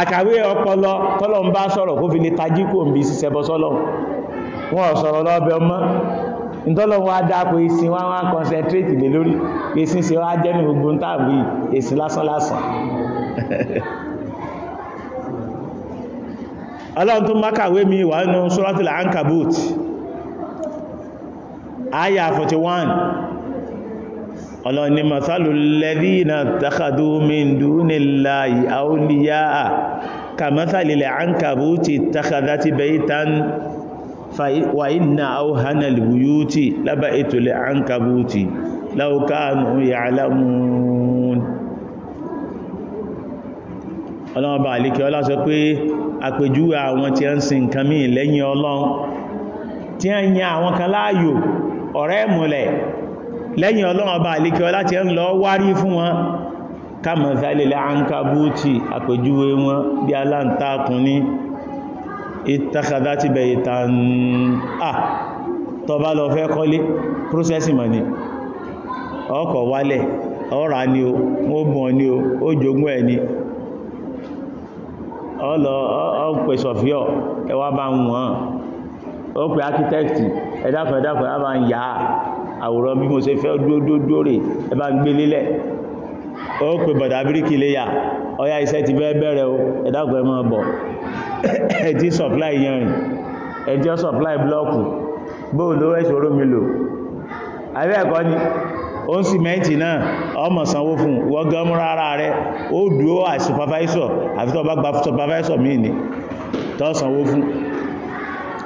àkàwé ọpọlọ tọ́lọ̀ sọrọ bá sọ̀rọ̀ kó fi lè tají kò ń bí sísẹbọ sọ́lọ̀ wọ́n sọ̀rọ̀ lọ́bẹ̀ ọmọ ìtọ́lọ̀ wọ́n adápo ìsìn wọ́n wọ́n concentrate lè lórí ìsìn sí wọ́n jẹ́ ní gbogbo ń tàbí 41 ọlọ́ni masalu lẹ́dínà takàdú mìndú nílá àúlìyà à kàmátàlìlẹ̀ àǹkàbú ti takàdá ti bẹ̀yí tán wà iná àúhánà lìbúyú ti lábà ètòlẹ̀ àǹkàbú ti láukáànù ya'lamun ọlọ́wọ́ bá àlíkẹ́ ọlá sọ pé àpèjúwe ọ̀rẹ́ mọ̀lẹ̀ lẹ́yìn ọlọ́run ọba àlékẹ́ ọlá ti ń lọ wárí fún wọn kàmọ̀sálẹ̀lẹ̀ àǹkàbútì àpèjúwe wọn bí aláǹtakùn ní ìtàkàdá ti bẹ̀ ìtàn à tọba lọ fẹ́ kọ́lé prósẹ́sì ni o ó bùn ni o ó pe architect ẹ dákun a dákun ẹ bá ń ya àwòrán bí mo ṣe fẹ́ dúdúdú rè ẹ bá ń gbé lélẹ̀ ó pe bọ̀dà bíríkì léyà ọya iṣẹ́ ti fẹ́ bẹ̀rẹ̀ o ẹ dákun ẹ máa bọ̀ ẹ ti supply yanrìn ẹ ti supply blọ́ọ̀kù bóòlù ló ẹ̀ṣòro mi lò àbẹ́ ẹ̀kọ́ ni ó ń sìmẹ́ntì náà ọmọ sanwó fún wọ́gán múra ara rẹ̀ ó dúó àìsùpàfáìsọ̀ àfitọ́ bá supervisor míì ni tọ́ sanwó fún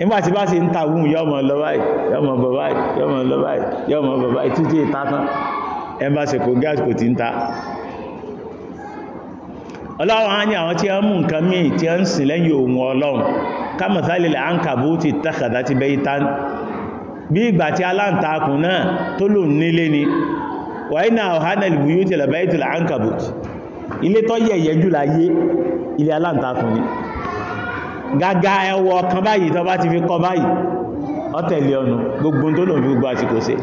nígbàtí bá ti ń ta wùn yọ́mọ̀ lọ báyìí yọ́mọ̀ bọ̀ báyìí yọ́mọ̀ lọ báyìí yọ́mọ̀ bọ̀ báyìí títí ìtàtán ẹmbà sẹ̀kò gáàsì kò ti ń ta ọlọ́run á ní àwọn tí wọ́n mú nǹkan míì tí wọ́n ń sìn lẹ́yìn òun ọlọ́run kámọ̀sálẹ̀lẹ̀ àǹkàbó ti tàkàdá ti bẹ́yí Gaga ẹwọ ọkàn báyìí tó bá ti fi kọ báyìí ọ̀tẹ̀lẹ̀ ọ̀nà gbogbo tó lòun fi gbogbo àsìkò ṣe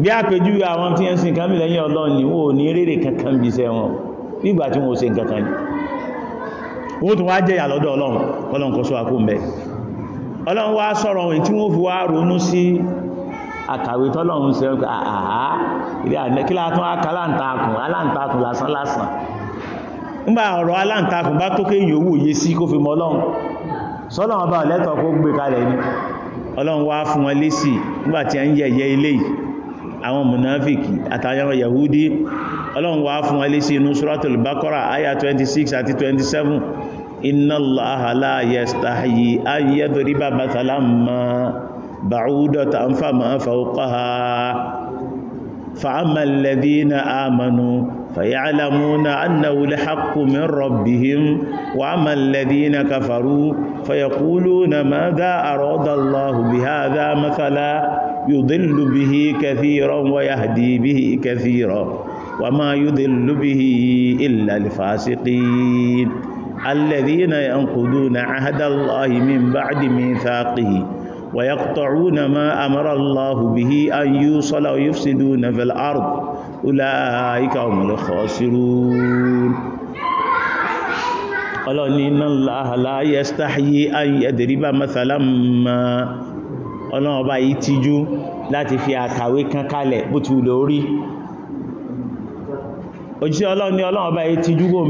bí àpèjúwe àwọn tí ń sin kan mìíràn yẹn ọlọ́run ni wọn ò ní rèrè kankan bí iṣẹ́ wọn bí ìgbà tí wọn ò ṣe nǹkan kan ni wọn tún wá jẹ̀yà lọ́dọ̀ ọlọ́run ọlọ́run kọ́ nígbà ọ̀rọ̀ aláǹtakùn bá tó kéyìn owó yé sí kó fi mọ́ ọlọ́run sọ́lọ́run ọba ọ̀lẹ́tọ̀ kó gbé kalẹ̀ ni ọlọ́run wá fún wọn lésì nígbà tí a ń yẹ̀yẹ́ ilé àwọn mùnáfìkì àtàwọn yahudi ọlọ́run wá fún wọn lésì inú suratul bakora aya 26 àti 27 inna allaha la yastahyi an yadriba mathalan ma ba'udatan fama fawqaha fa'amma alladhina amanu فيعلمون أنه الحق من ربهم وأما الذين كفروا فيقولون ماذا أراد الله بهذا مثلا يضل به كثيرا ويهدي به كثيرا وما يضل به إلا الفاسقين الذين ينقضون عهد الله من بعد ميثاقه ويقطعون ما أمر الله به أن يوصل ويفسدون في الأرض ulaika humul khasirun ọlọ́ni inna Allaha la yastahyi an yadriba mathalan ma ọlọ́run ọba yìí tijú láti fi àkàwé kan kalẹ̀ bó ti wùlò orí òjíṣẹ́ ọlọ́run ni ọlọ́run ọba yìí tijú kó ń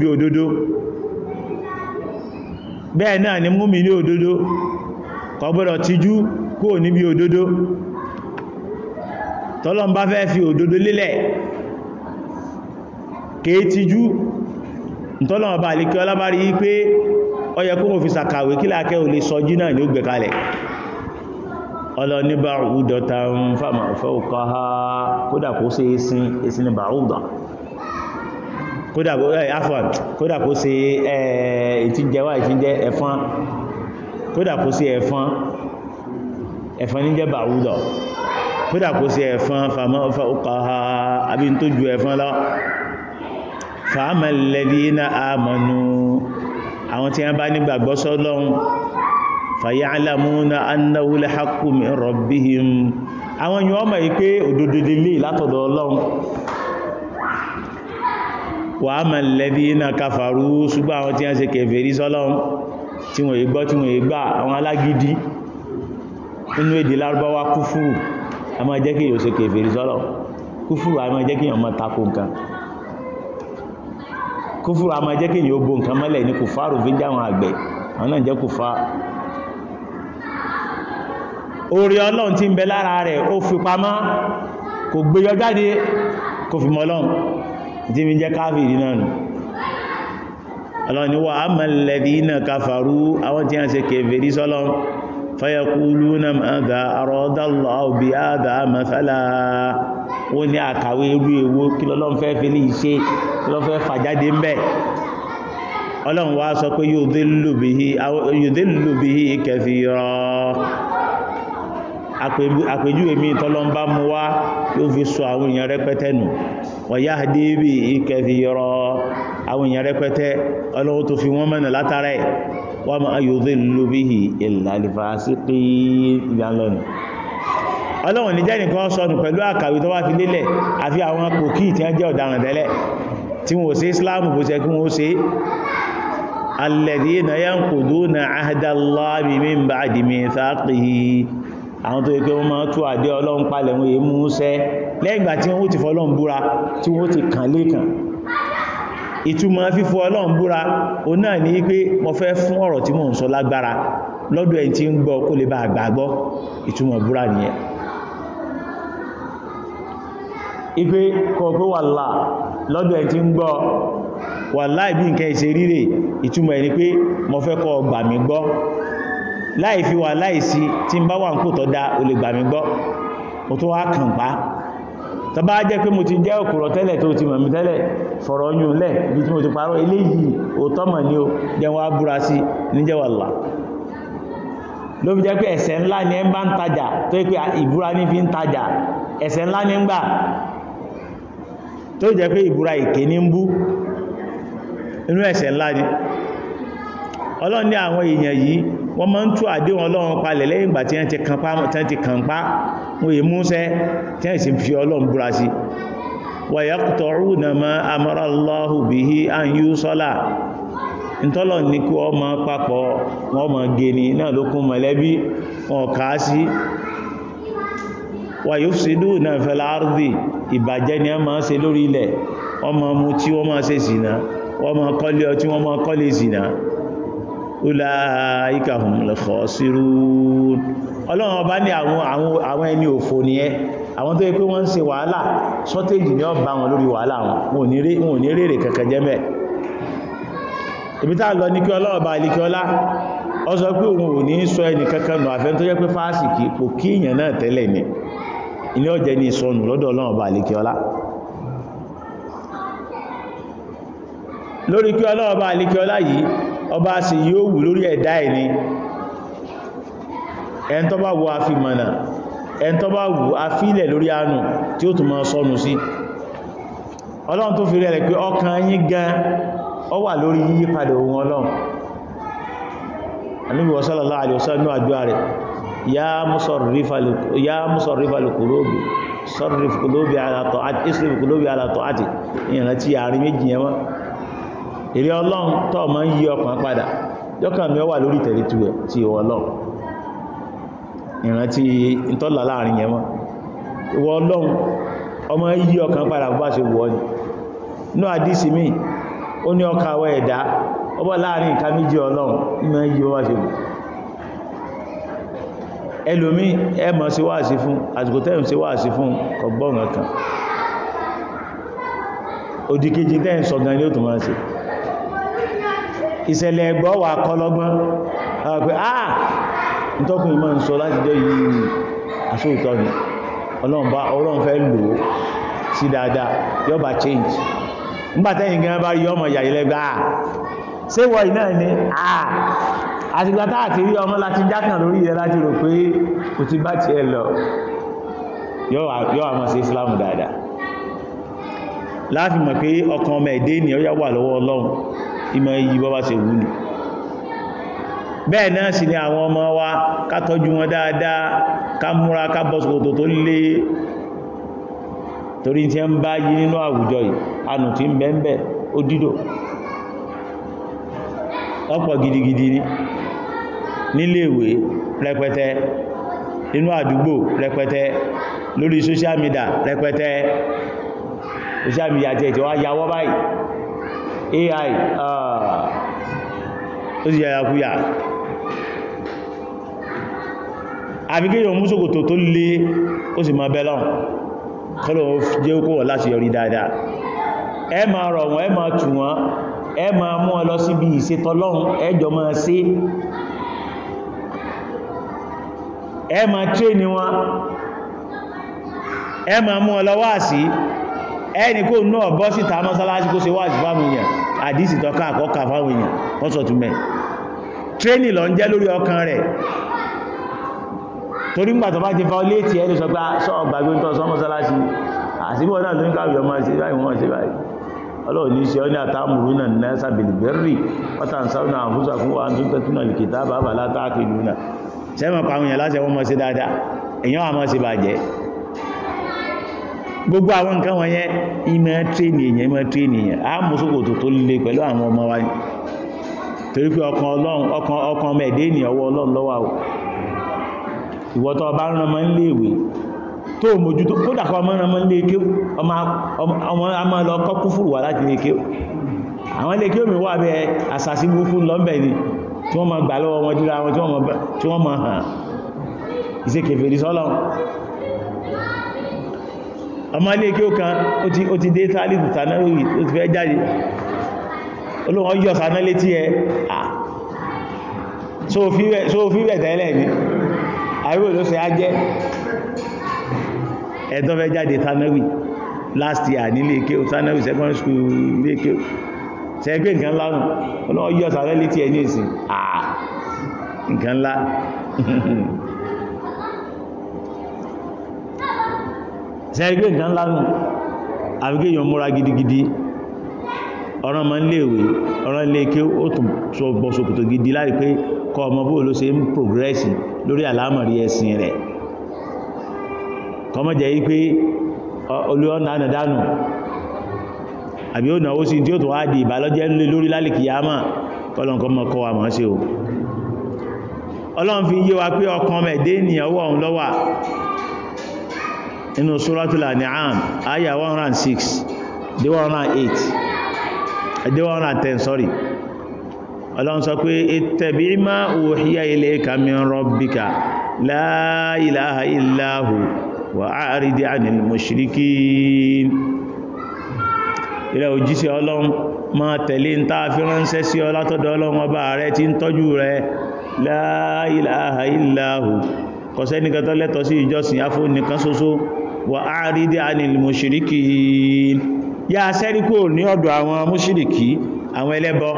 bí òdodo bẹ́ẹ̀ náà ni múmi ní òdodo kò gbọ́dọ̀ tijú kó níbi òdodo tọ́lọ́n bá fẹ́ fi òdodo lélẹ̀ kèé ti jú tọ́lọ́n bá lè kí ọlábárí yí pé ọyẹ kó mò fi sàkàwé kí láàkẹ́ ò lè sọ jí náà ní ó gbẹ̀kalẹ̀ ọlọ́níbà ọdọ̀ta ń fàmà ọ̀fẹ́ òkọ́ ha kódà kó ṣe ẹ̀fán ní jẹ́ bàúdà kódà kó sí ẹ̀fán fàmọ́fàúkọ̀ha àbí tó ju ẹ̀fán lọ fàámàlẹ́bí na àmọ̀nù àwọn tí a bá ní gbàgbọ́ sọ́lọ́un fàyàlámúnà annáwúlẹ̀ hakùnmí rọ̀bíhìm àwọn yíò mọ̀ yí pé òdòdòdè lè látọ̀dọ̀ ọlọ́run wà á mọ̀ lẹ́bí na kàfàrú ṣùgbọ́n àwọn tí a ṣe kèfèrí sọ́lọ́run tí wọ́n yí gbọ́ tí wọ́n yí gbà àwọn alágídí nínú èdè lárúbáwá kúfùrù a máa jẹ́ kí èyàn ṣe kèfèrí sọ́lọ̀ kúfùrù a máa jẹ́ kí èyàn máa tako nǹkan kúfùrù a máa jẹ́ kí èyàn ó bo nǹkan mọ́lẹ̀ ní kùfàrù fi ń jáwọn àgbẹ̀ àwọn náà jẹ́ kùfà orí ọlọ́run tí ń bẹ lára rẹ̀ ó fi pamọ́ kò gbéyọ jáde kò fi mọ́lọ́run ọlọ́run ni wà á mọ̀ lẹ́dí náà káfàrú àwọn tí wọ́n ṣe kèfèrí sọ́lọ́run fayaquluna madha arada Allahu bi hadha mathala ó ní àkàwé irú èwo kí lọ́lọ́run fẹ́ fi lè ṣe kí lọ́ fẹ́ fàjáde ń bẹ̀ ọlọ́run wá sọ pé yudhillu bihi yudhillu bihi kathira àpèjúwe mi tọ́lọ́n bá mú wá yóò fi sọ àwọn èèyàn rẹpẹtẹ nù wa yahdi bihi kathira àwọn èèyàn rẹpẹtẹ ọlọ́run tó fi wọ́n mẹ́nà látara ẹ̀ wà máa yudhillu bihi illa al-fasiqin ìyàlọ́nà ọlọ́wọ̀n ní jẹ́nìkan sọ́nù pẹ̀lú àkàwé tó wá fi lélẹ̀ àfi àwọn kòkí tí wọ́n jẹ́ ọ̀daràn tẹ́lẹ̀ tí wọ́n ṣe Islam bó ṣe kí wọ́n ṣe alladhina yanquduna ahda Allahi min ba'di mithaqihi àwọn tó yẹ ìtumọ̀ fífọ́ ọlọ́run búra o náà ní pé mo fẹ́ fún ọ̀rọ̀ tí mò ń sọ lágbára lọ́dọ̀ ẹ̀ tí ń gbọ́ kó lè bá àgbàgbọ́ ìtumọ̀ búra nìyẹn ipe kọ̀ pé wàlá lọ́dọ̀ ẹ̀ tí ń gbọ́ wàlá ìbí nǹkan ìṣe ríre ìtumọ̀ ẹ̀ ni pé mo fẹ́ kọ́ gbà gbọ́ láì fi wà láìsí tí ń bá wà ń kò tọ́ da o lè gbà mí gbọ́ o tó wá kàn pa tó bá jẹ́ pé mo ti jẹ́ òkúrọ̀ tẹ́lẹ̀ tó ti mọ̀ mi tẹ́lẹ̀ fọ̀rọ̀ yún lẹ̀ ibi tí mo ti parọ́ ilé yìí mọ̀ ni ó búra sí níjẹ́wà ló fi jẹ́ pé ẹ̀ṣẹ̀ ńlá ni ẹ bá ń tajà tó pé ní fi ń ọlọ́run ní àwọn èèyàn yìí wọ́n máa ń tú àdéhùn ọlọ́run palẹ̀ lẹ́yìn ìgbà tí wọ́n ti kan pa tán ti kàn pa wọ́n yìí múṣẹ́ tí wọ́n sì fi ọlọ́run búra sí wa yaqta'una ma amara Allahu bihi an yusala ntọ́lọ̀ ní kí wọ́n máa ọtí wọ́n máa kọ́lé sìnà ulaika humul khasirun ọlọ́run ọba ní àwọn ẹni òfò nìyẹn àwọn tó yẹ pé wọ́n ń ṣe wàhálà sọ́tẹ́jì ní ọba wọn lórí wàhálà wọn wọn ò ní rèrè kankan jẹ́ mẹ́ ibi tá lọ ní kí ọlọ́run ọba ọlá ọ sọ pé òun ò ní sọ ẹni kankan nù àfẹ́ tó yẹ pé kò kí èèyàn náà tẹ́lẹ̀ ni ilé ọ̀jẹ̀ ní ìsọnù lọ́dọ̀ ọba ọlá lórí kí ọba ọlá yìí ọba sì yóò wù lórí ẹ̀dá ẹ̀ ni ẹn tó bá wù a fi mọ̀nà ẹn tó bá wù a fílẹ̀ lórí àánú tí ó tún mọ́ sọnù sí ọlọ́run tó fi rẹ̀ pé ọkàn yín gan ọ wà lórí yíyípadà ohun ọlọ́run Ànábì sallallahu alaihi wasallam àjọ́ rẹ̀ ya musarrifal qulubi sarrif méjì yẹn èrè ọlọ́run tọ́ ma ń yí ọkàn padà jọ́kàn mi ó wà lórí tẹ̀lé tu ti ọlọ́run ìrántí ìtọ́là láàrin yẹn mọ́ ìwọ ọlọ́run ọmọ yí ọkàn padà bá ṣe wọ́ ni inú àdísì míì ó ní ọkà àwọ ẹ̀dá ọbọ̀ láàrin ìka méjì ọlọ́run ìmọ̀ yí ọwá ṣe wọ́ ẹlòmí ẹmọ̀ sí wáàsí fún àsìkò tẹ́m sí wáàsí fún kọ̀gbọ́n kan òdìkejì tẹ́ ń sọ̀gán ní ó tún máa ṣe ìṣẹ̀lẹ̀ ẹgbọ́ wà kọlọgbọ́n pé ah ìtọ́kùn ìmọ̀ ń sọ láti jẹ́ yìí àṣóòtọ́ ni ọlọ́run bá ọlọ́run fẹ́ lò ó sí dáadáa yọba change nígbàtẹ́yìn gan bá rí ọmọ ìyàyẹlẹ́gbà ah ṣé wọ iná ni ah àtìgbà táà ti rí ọmọ láti jákàn lórí ẹ láti rò pé kò ti bá tiẹ̀ lọ yọ́ Islam dada láti mọ̀ pé ọkàn ọmọ ẹ̀dẹ́ ènìyàn yà wà lọ́wọ́ ọlọ́run ìmọ̀ iyì bọ́bá ṣe wúlù bẹ́ẹ̀ náà sì ni àwọn ọmọ wa ká tọ́jú wọn dáadáa ká múra ká bọ́sùkòtò tó lé torí tí ń bá yí nínú àwùjọ yìí anù tí ń bẹ́ẹ̀bẹ́ ó dídò ọ̀pọ̀ gidigidi ni níléèwé rẹpẹtẹ inú àdúgbò rẹpẹtẹ lórí social media rẹpẹtẹ social media àti ẹ̀tẹ̀ wá yawọ́ báyìí ai ah. ó sì yára kúyà àbí kí èyàn mú ṣòkòtò tó lé ó sì máa bẹ́lọ́n kọ́lọ̀ jẹ́ kó wọ́n láti yọrí dáadáa ẹ máa rọ̀ wọ́n ẹ máa tù wọ́n ẹ máa mú ọ lọ síbi ìṣetọ́lọ́run ẹjọ máa ṣe ẹ máa tréni wọn ẹ máa mú ọ lọ wáàsí ẹni kó náà bọ́ síta mọ́sálásí kó se wà sí fáwọn èèyàn àdísì tọ́ka àkọ́kà fáwọn èèyàn wọ́n sọ túnmẹ̀ tréní lọ ń jẹ́ lórí ọkàn rẹ̀ torí ń gbàtọ̀ bá ti fa olé tí ẹni sọ pé sọ ah, gbàgbé ń tọ́ sọ mọ́sálásí àsìbọ̀ náà ló ń káwé ọmọ ṣe báyìí wọ́n ṣe báyìí ọlọ́run ní ṣe ọ́ ní àtàmùrú náà ní ẹ̀sà bìlìbẹ́rì wọ́tà ń sáwọn àfúnṣà fún wa tó tẹ́tù náà lìkìtà bàbá látàkì lùnà sẹ́mọ̀ pa àwọn èèyàn láṣẹ wọ́n mọ̀ sí dáadáa èèyàn àmọ́ sí bàjẹ́ gbogbo àwọn nǹkan wọn yẹn ìmọ̀ tírèèni èèyàn ìmọ̀ tírèèni èèyàn á mú sókòtò tó lè pẹ̀lú àwọn ọmọ wa torí pé ọkàn ọlọ́run ọkàn ọkàn ọmọ ẹ̀dẹ́ ènìyàn ọwọ́ ọlọ́run lọ́wọ́ àwọ̀ ìwọ́tọ̀ ọba rán ọmọ nílé ìwé tó mójútó kó dàkọ ọmọ ọmọ ilé ike ọmọ ọmọ lọ kọ́ kú fúrùwà láti ilé ike àwọn ilé ike omi wà bẹ àsàsí gbófún lọ́mbẹ̀ ni tí wọ́n ma gbà lọ́wọ́ wọn jùlọ àwọn tí wọ́n ma hàn ìṣe sọ́lọ́run ọmọ ilé kí ó kan ó ti dé tálìbù ó ti fẹ́ jáde olóhun ọjọ́ létí ẹ so fi rẹ̀ ní àríwò ló ṣe á ẹ̀tọ́ fẹ́ jáde last year ní ilé kí ó sanáwì second school ilé kí ó sẹ́gbẹ́ nǹkan ńlá olóhun ọjọ́ létí ẹ ní ìsìn nǹkan sẹ́rígbé nǹkan lanu àfikẹ́ yóò múra gidigidi ọ̀rọ̀ ma ń lè wé ọ̀rọ̀ ilé ké ó tún bọ́ sókòtò gidi láì pé kọ ọmọ bóò ló ṣe ń progressi lórí àlámọ̀rí ẹ̀sìn rẹ̀ kọmọ jẹ́ yí pé olúọ́nà ànàdánù àbí ó náwó sí tí ó tó wá di ìbálọ́jẹ́ lórí lálìkìyàmà kọlọ̀nkọ́ mọ́ kọ́ wa sí o ọlọ́run fi yé wa pé ọkàn mẹ́ẹ̀dé ènìyàn wọ̀ ń lọ́wà nínú Suratul An'am àyà 106 dé 108 dé 110 sorry ọlọ́run sọ pé ittabi ma uhiya ilayka min rabbika la ilaha illa hu wa a'rid 'anil mushrikin ilẹ̀ òjíṣẹ́ ọlọ́run ma tẹ̀lé ń tàà fi ránṣẹ́ sí ọ látọ̀dọ̀ ọlọ́run ọba rẹ tí ń tọ́jú rẹ la ilaha illa hu kò sí ìjọsìn afọ́ nìkan ṣoṣo wà áàrídí ànìlì mọ̀ṣíríkì yá sẹ́ríkò ní ọ̀dọ̀ àwọn mọ̀ṣíríkì àwọn ẹlẹ́bọ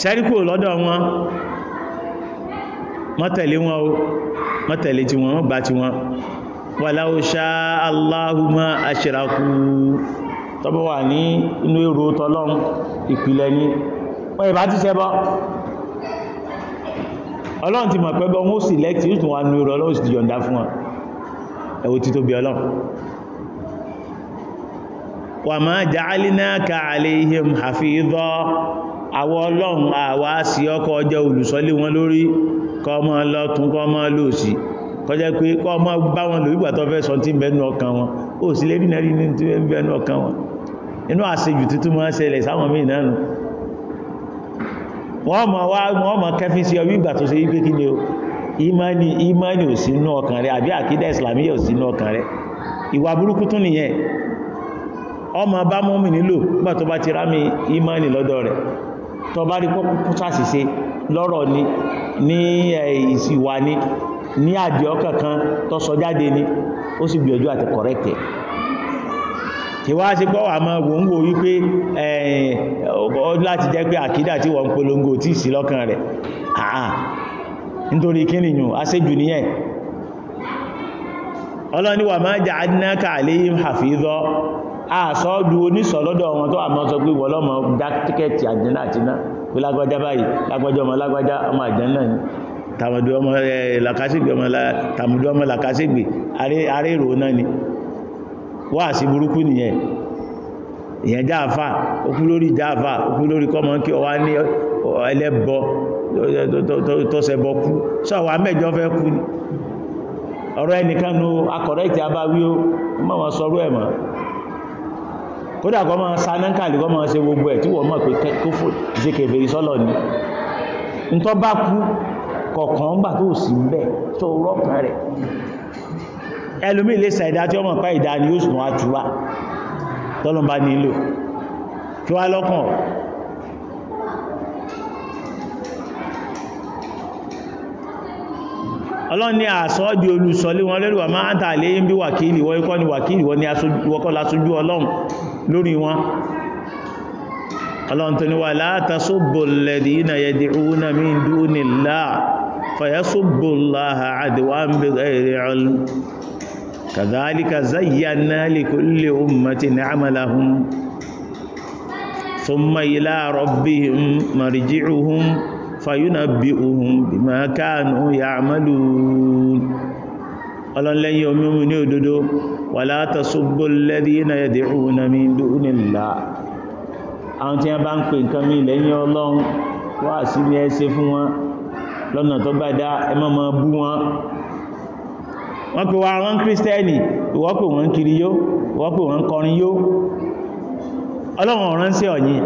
sẹ́ríkò lọ́dọ̀ wọn mọ́tẹ̀lé wọn o mọ́tẹ̀lé tí wọn gbà tí wọn wà láwọ́ṣá aláhùmá aṣìrakú tọ́bọ̀ wà ní inú èrò ìpìlẹ̀ ní wọ́n ti ọlọ́run ti mọ̀ pé bọ́ wọ́n sì lẹ́tì yóò tún wà ní ọ̀rọ̀ ọlọ́run sì ti yọ̀ǹda fún wọn ẹ̀wò ti tóbi ọlọ́run wà máa jà alínáka àlehim àfihìdọ́ àwọ ọlọ́run àwá sí ọkọ̀ ọjọ́ olùsọ́lé wọn lórí kọ́ ọmọ lọ́tún kọ́ ọmọ lòsì kọjá pé kọ́ ọmọ bá wọn lò ìgbà tó fẹ́ sọ tí ń bẹnu ọkàn wọn ó sì lè rí náà rí ní tí ń bẹnu ọkàn wọn inú àṣejù tuntun máa wọ́n mọ̀ wá wọ́n mọ̀ kẹfí sí ọwí ìgbà tó ṣe wípé kí ni o ò sí inú ọkàn rẹ àbí àkídà ìsìlámíyà ò sí inú ọkàn rẹ ìwà burúkú tún nìyẹn ọmọ bá nílò tó bá ti lọ́dọ̀ ni ní ìsìwà ni ní àdìọ́ kankan tó sọ jáde ni ó ìwá sí pọ́wà mọ́ wòǹwò wípé ẹ̀yìn láti jẹ́ pé àkídà tí wọ́n polongo tí sí lọ́kàn rẹ̀ àà nítorí kíniyàn aṣejù nìyẹn ọlọ́ni wà máa jà adínáka àléyìn hafizọ́ àṣọ́dù oníṣọ̀lọ́dọ̀ wọn tó àmọ́ sọ pé wọ́lọ́mọ dákẹ́kẹ́tì àjẹ́nà àtiná pé lágbájá báyìí lágbájá ọmọ lágbájá ọmọ àjẹ́nà ni tàmùdú ọmọ làkásígbè wá sí burúkú nìyẹn ìyẹn jáàfà okú lórí jáàfà okú lórí kọmọ kí ọwá ní ẹlẹ́bọ tọ́sẹ̀bọ kú sọ́wọ́ amẹ́jọ fẹ́ kú ni ọ̀rọ̀ ẹnìkan nu akọ̀rẹ́tì abáwí ó mọ́ wọn sọ̀rọ̀ ẹ̀mọ́ kódà kọ́ máa sanáńkàlì kọ́ máa ṣe gbogbo ẹ̀ tí wọ́n mọ̀ pé kó fò ṣe kèfèrí sọ́lọ̀ ni ntọ́ bá kú kọ̀ọ̀kan gbà tó sì ń bẹ̀ tó rọ́pàá rẹ̀ ẹlòmí ilé ṣàìdá tí ó mọ̀ pá ìdá ni yóò sùn wá túwá tọ́lọ́mbà nílò kí wá lọ́kàn ọlọ́ni àsọ́ọ̀dì olùsọlé wọn lẹ́rù àmá àtà àléyìn bí wàkílì wọ́n ikọ́ ni wàkílì wọ́n ni wọ́kọ́ lásójú ọlọ́run lórí wọn ọlọ́run tó ní wà látàsóbò lẹ́dì iná yẹ̀dì òunà mí dúnilá fàyẹ́sóbò láhà àdìwá ń bẹ̀rẹ̀ kàdálíkà zayyana lè kó lè ummati ní àmàlàhún thumma ila rabbihim marji'uhum fayunabbi'uhum bima kanu ya'malun ọlọ́lẹ́yìn omi mú ní òdodo wala tasubbu alladhina yad'una min dunillah àwọn tí wọ́n bá ń pè nǹkan lọ́nà tó bá dá ẹ má bú wọn wọ́n pè wá wọ́n kírísítẹ́nì ìwọ́ pè wọ́n kiri yó ìwọ́ pè wọ́n kọrin yó ọlọ́run ọ̀ránṣẹ́ ọ̀yìn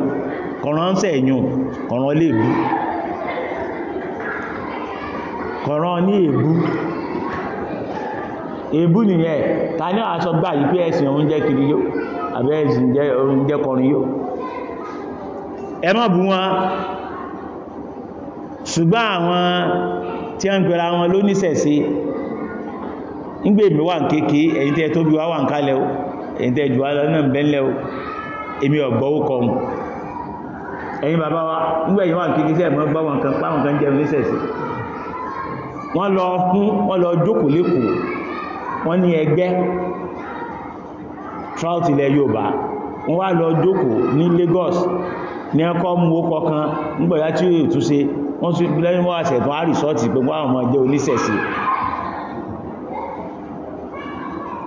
kọ̀ránṣẹ́ ẹ̀yùn kọ̀rán léèbú kọ̀rán ní èbú èbú nìyẹn ta ní aṣọ gbà yìí pé ẹ̀sìn òun jẹ́ kiri yó àbẹ́ ẹ̀sìn òun jẹ́ kọrin yó ẹ má bú wọn ṣùgbọ́n àwọn tí wọ́n ń pera wọn lóníṣẹ̀ṣe nígbè mi wà kéèké ẹ̀yin tẹ́ tó bí wá wà ń kálẹ̀ o ẹ̀yin tẹ́ jù wá lọ náà bẹ́ńlẹ̀ o èmi ọ̀gbọ́ ó kọ̀ ẹ̀yin bàbá wa nígbà yìí wà kéèké sẹ́ẹ̀ mọ́ gbá wọn kan páwọn kan jẹun nísẹ̀sì wọ́n lọ fún wọ́n lọ jókòó lẹ́kọ̀ọ́ wọ́n ní ẹgbẹ́ trout ilẹ̀ Yorùbá wọ́n wá lọ jókòó ní Lagos ní ẹkọ́ mú ókọ kan nígbàyá tí ó túnṣe wọ́n tún lẹ́yìn wọ́n àṣẹ̀ tó á rìsọ́ọ̀tì pé wọ́n àwọn ọmọ ẹjẹ́ oníṣẹ̀ṣe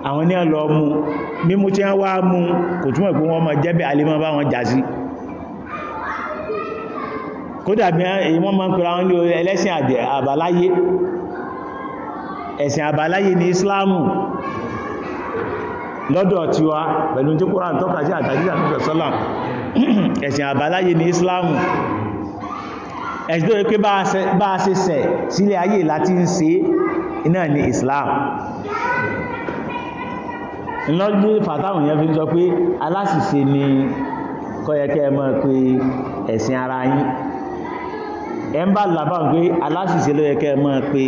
àwọn ní ọlọ mú mímú tí wọ́n wá mú kò túnmọ̀ pé wọ́n mọ̀ jẹ́bẹ̀ alẹ́mọ́ bá wọn jà sí kódà bí wọ́n máa ń pèrà wọn ní ẹlẹ́sìn àbáláyé ẹ̀sìn àbáláyé ní Islamu lọ́dọ̀ tiwa pẹ̀lú tí kúrò àtọ́kà sí àtàjíjà nípa sọ́là ẹ̀sìn àbáláyé Islamu ẹ̀sìn tó rí pé bá a ṣe sẹ̀ Islam ńlọ́gbé fàtàwọn èèyàn fi ń sọ pé aláṣìṣe ni kọ́yẹ̀kẹ́ ẹ máa pe ẹ̀sìn ara yín ẹ ń bá làbá pé aláṣìṣe ló yẹ kẹ́ ẹ máa pe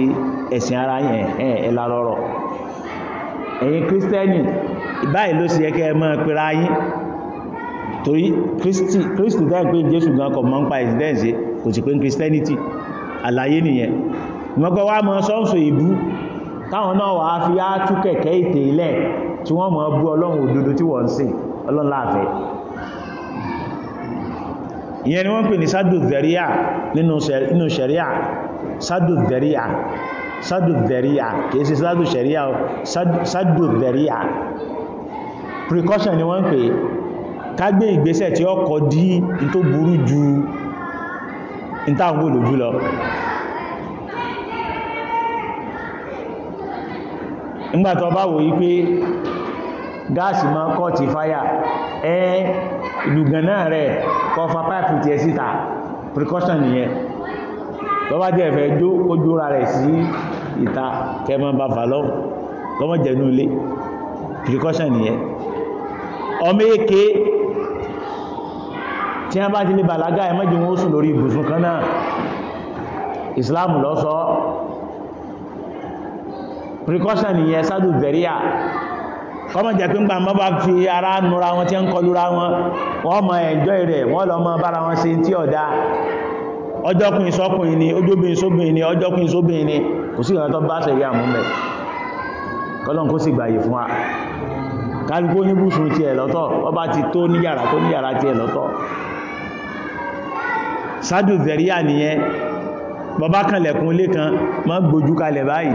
ẹ̀sìn ara yín ẹ̀ ẹ̀ lárọ̀rọ̀ ẹ̀yin kírísítẹ́nì báyìí ló sì yẹ kẹ́ ẹ máa pera yín torí kristi kristi tẹ́ pé jésù gan kọ̀ mọ́ ń pa ìsidẹ́ǹsì kò sì pé christianity àlàyé nìyẹn mọ́gbọ́n wá mọ́ sọ́ǹsọ̀ ìbú táwọn náà wàá fi á tú kẹ̀kẹ́ ìtẹ̀ ilẹ̀ tí wọ́n mọ̀ bú ọlọ́run òdodo tí wọ́n ń sìn ọlọ́run láàfẹ́ ìyẹn ni wọ́n pè ní sádù dẹ̀ríà nínú ṣẹ̀ríà sádù dẹ̀ríà sádù dẹ̀ríà kìí sí sádù ṣẹ̀ríà sádù dẹ̀ríà precaution ni wọ́n pè kágbé ìgbésẹ̀ tí ó kọ dí tó burú ju ìtàwọn olójú lọ nígbàtọ̀ bá wò yí pé gáàsì máa ń kọ́ọ̀tì fáyà ẹ́ ìlùgàn náà rẹ̀ kọ́ fa páìpù tiẹ̀ síta precaution nìyẹn lọ́wọ́ jẹ́ ẹ̀fẹ́ jó ó jóra rẹ̀ sí ìta kẹmọ́ bá fà lọ́wọ́ lọ́mọ jẹ̀nú ilé precaution nìyẹn ọmọ èké tí wọ́n bá ti lè bàlágà ẹmọ́jú wọn ó sùn lórí ibùsùn kan náà ìsìláàmù ló precaution nìyẹn sádù zẹ̀ríà ọmọ jẹ́ pé ń gbà mọ́ bá fi ara nura wọn tí ń kọlu ra wọn wọ́n mọ enjoy rẹ̀ wọ́n lọ mọ bára wọn ṣe tí ọ̀dá ọjọ́kùnrin sọ́kùnrin ni ojóbìnrin sóbìnrin ni ọjọ́kùnrin sóbìnrin ni kò sí ìrántọ́ bá sẹ̀rí àmúmẹ̀ kọ́lọ́n kó sì gbàyè fún wa kálukú ní bùsùn tiẹ̀ lọ́tọ̀ wọ́n bá ti tó ní yàrá tó ní yàrá tiẹ̀ lọ́tọ̀ sádù zẹ̀ríà nìyẹn bàbá kanlẹ̀kùn lé kan mọ́ gbójú kalẹ̀ báyìí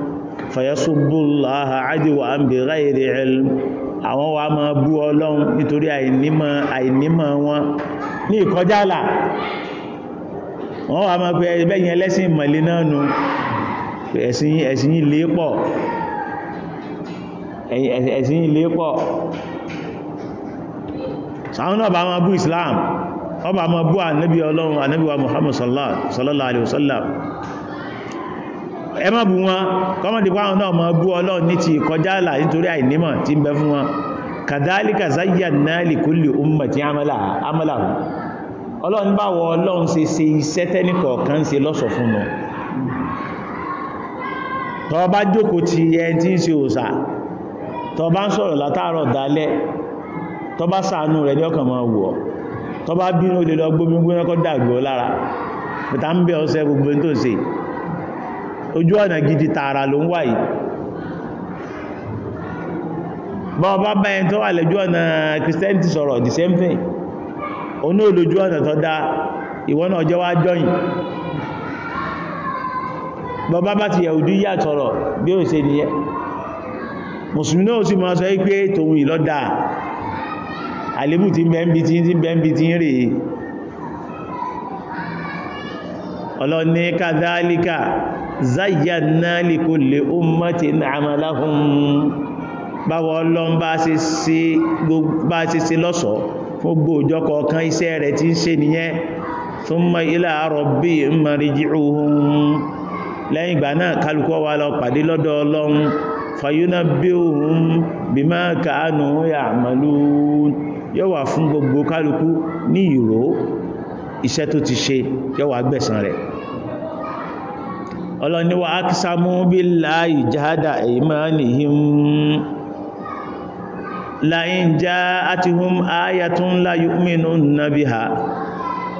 fayasubullaha adiwa an bi ghairi ilm àwọn wa máa bú ọlọ́run nítorí àìnímọ̀ àìnímọ̀ wọn ní ìkọjá àlà wọ́n wà máa pẹ ẹgbẹ́yìn ẹlẹ́sìn ìmọ̀lẹ́ náà nù ẹ̀sìn ilé pọ̀ ẹ̀sìn ilé pọ̀ sàwọn náà bá máa bú Islam wọ́n bá máa bú ànábí ọlọ́run ànábí wa Muhammad sallallahu alaihi wasallam ẹ má bú wọn kọmọ̀dé pàwọn náà mọ́ bú ọlọ́run ní ti kọjá àlà nítorí àìnímọ̀ tí ń bẹ fún wọn kàdálíkà zayyana li kulli ummati amalahu ọlọ́run bá wọ ọlọ́run ṣe ṣe iṣẹ́ tẹ́nìkọ̀ kan ṣe lọ́sọ̀ fún wọn tọ́ bá jókòó ti ẹ tí ń ṣe ojú ọ̀nà gidi tààrà ló ń wà yìí bọ́ bá bá ẹni tó wà lójú ọ̀nà kìrìsìtẹ́nì sọ̀rọ̀ the same ọ̀nà tó dá ìwọ náà jẹ́ wá bá bá ti yà bí ó mùsùlùmí náà sì máa sọ pé tòun ìlọ́dà ti ń ń rèé ọlọ́ni zayyana likulli ummatin amalahum báwọ̀ ọlọ́n bá ṣe ṣe lọ́ṣọ̀ọ́ fún gbòòjọ́ kọ̀ọ̀kan iṣẹ́ rẹ̀ tí ń ṣe nìyẹn thumma ila rabbihim marji'uhum lẹ́yìn ìgbà náà kálukọ́ wa fún gbogbo kálukú ní ìró iṣẹ́ tó ti ṣe yóò wà rẹ̀ ọlọ́ni wa aksamu billahi jahada aymanihim la'in ja'atuhum ayatun la yu'minunna biha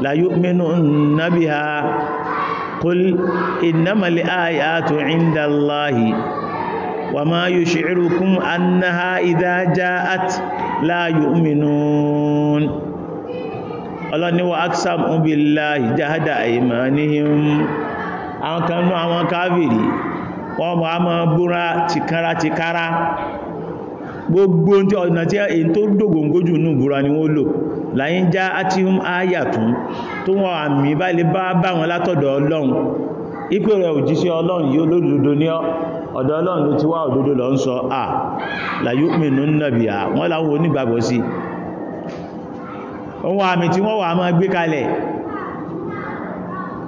la yu'minunna biha qul innamal ayatu 'inda Allahi wa ma yushirukum annaha idha ja'at la yu'minun ọlọ́ni wa aksamu billahi jahada aymanihim àwọn kan náà àwọn káàbìrì wọ́n ma mọ́ búra tìkára tìkára gbogbo tí ọ̀nà tí èyí tó dògóngójù nù búra ni wọ́n lò láyé ń já átihún áyàtún tó wọ́n àmì bá lè bá bá wọn látọ̀dọ̀ ọlọ́run ipò rẹ̀ òjíṣẹ́ ọlọ́run yóò lódòdó ní ọ̀dọ̀ ọlọ́run ló ti wá òdodo lọ ń sọ à láyé mìnú nàbì à wọ́n láwọn onígbàgbọ́ sí ohun àmì tí wọ́n wà máa gbé kalẹ̀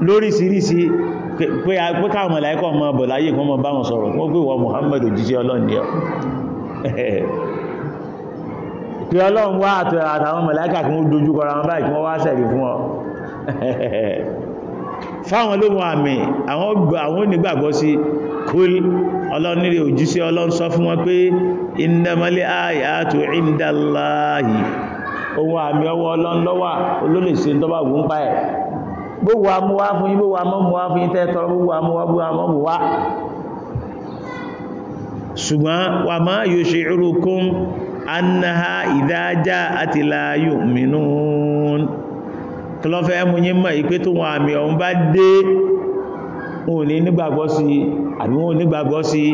lóríṣiríṣi pé káwọn mọ̀láíkọ̀ mọ̀ bọ̀ láyé kan mọ̀ bá wọn sọ̀rọ̀ wọ́n pè wọ Muhammad òjíṣẹ́ Ọlọ́run ni ọ pé Ọlọ́run wá àtàwọn mọ̀láíkà kí wọ́n dojú kọra wọn báyìí kí wọ́n wá sẹ̀rí fún ọ fáwọn olóhun àmì àwọn onígbàgbọ́ sí kúl ọlọ́nìrẹ̀ òjíṣẹ́ Ọlọ́run sọ fún wọn pé innamal ayatu indallahi ohun àmì ọwọ́ Ọlọ́run ló olólèsè tó bá pa ẹ̀ gbogbo amúwá fún yí gbogbo amọ́mùwá fún yí tẹ́tọrọ gbogbo amúwá gbogbo amọ́mùwá ṣùgbọ́n wà máa yóò ṣe irúkún annaha ìdájá àti láàyò mìíràn tọ́lọ́fẹ́ mú mọ̀ ìpé tó wọn àmì ọ̀hún bá dé wọn nígbàgbọ́ sí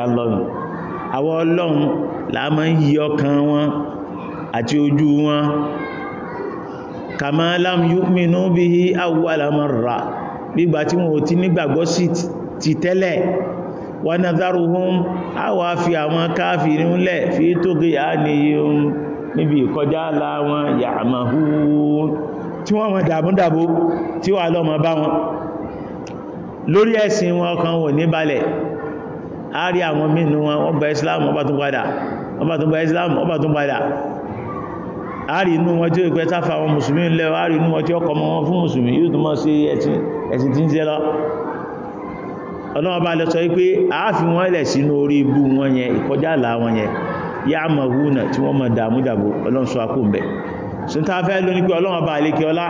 àbí àwọ ọlọ́run la máa ń yí ọkàn wọn àti ojú wọn kama lam yu'minu bihi awwala marra gbígbà tí wọn ò ti nígbàgbọ́ sí ti tẹ́lẹ̀ wa nadharuhum a wà fi àwọn káàfìrí ńlẹ̀ fi tughyanihim níbi ìkọjá àlà wọn ya'mahun tí wọ́n wọn dàmúdàbó tí wà lọ́mọ bá wọn lórí ẹ̀sìn wọn ọkàn wọn ní balẹ̀ a rí àwọn mínú wọn wọ́n islam ọba tún padà ọba tún gba islam ọba tún padà a rí inú wọn tí ó gbẹ́ sáfà àwọn mùsùlùmí ńlẹ̀ a rí inú wọn tí ó kọmọ wọn fún mùsùlùmí yóò tún mọ́ sí ẹ̀sìn tí ń jẹ́ lọ ọlọ́wọ́ bá lọ sọ wípé a fi wọ́n lẹ̀ sínú orí ibú wọn yẹn ìkọjá àlà wọn yẹn yá mọ̀ húnà tí wọ́n mọ̀ dààmú dàbò ọlọ́run sọ mbẹ̀ sùntà lónìí pé ọlọ́wọ́ bá ọlá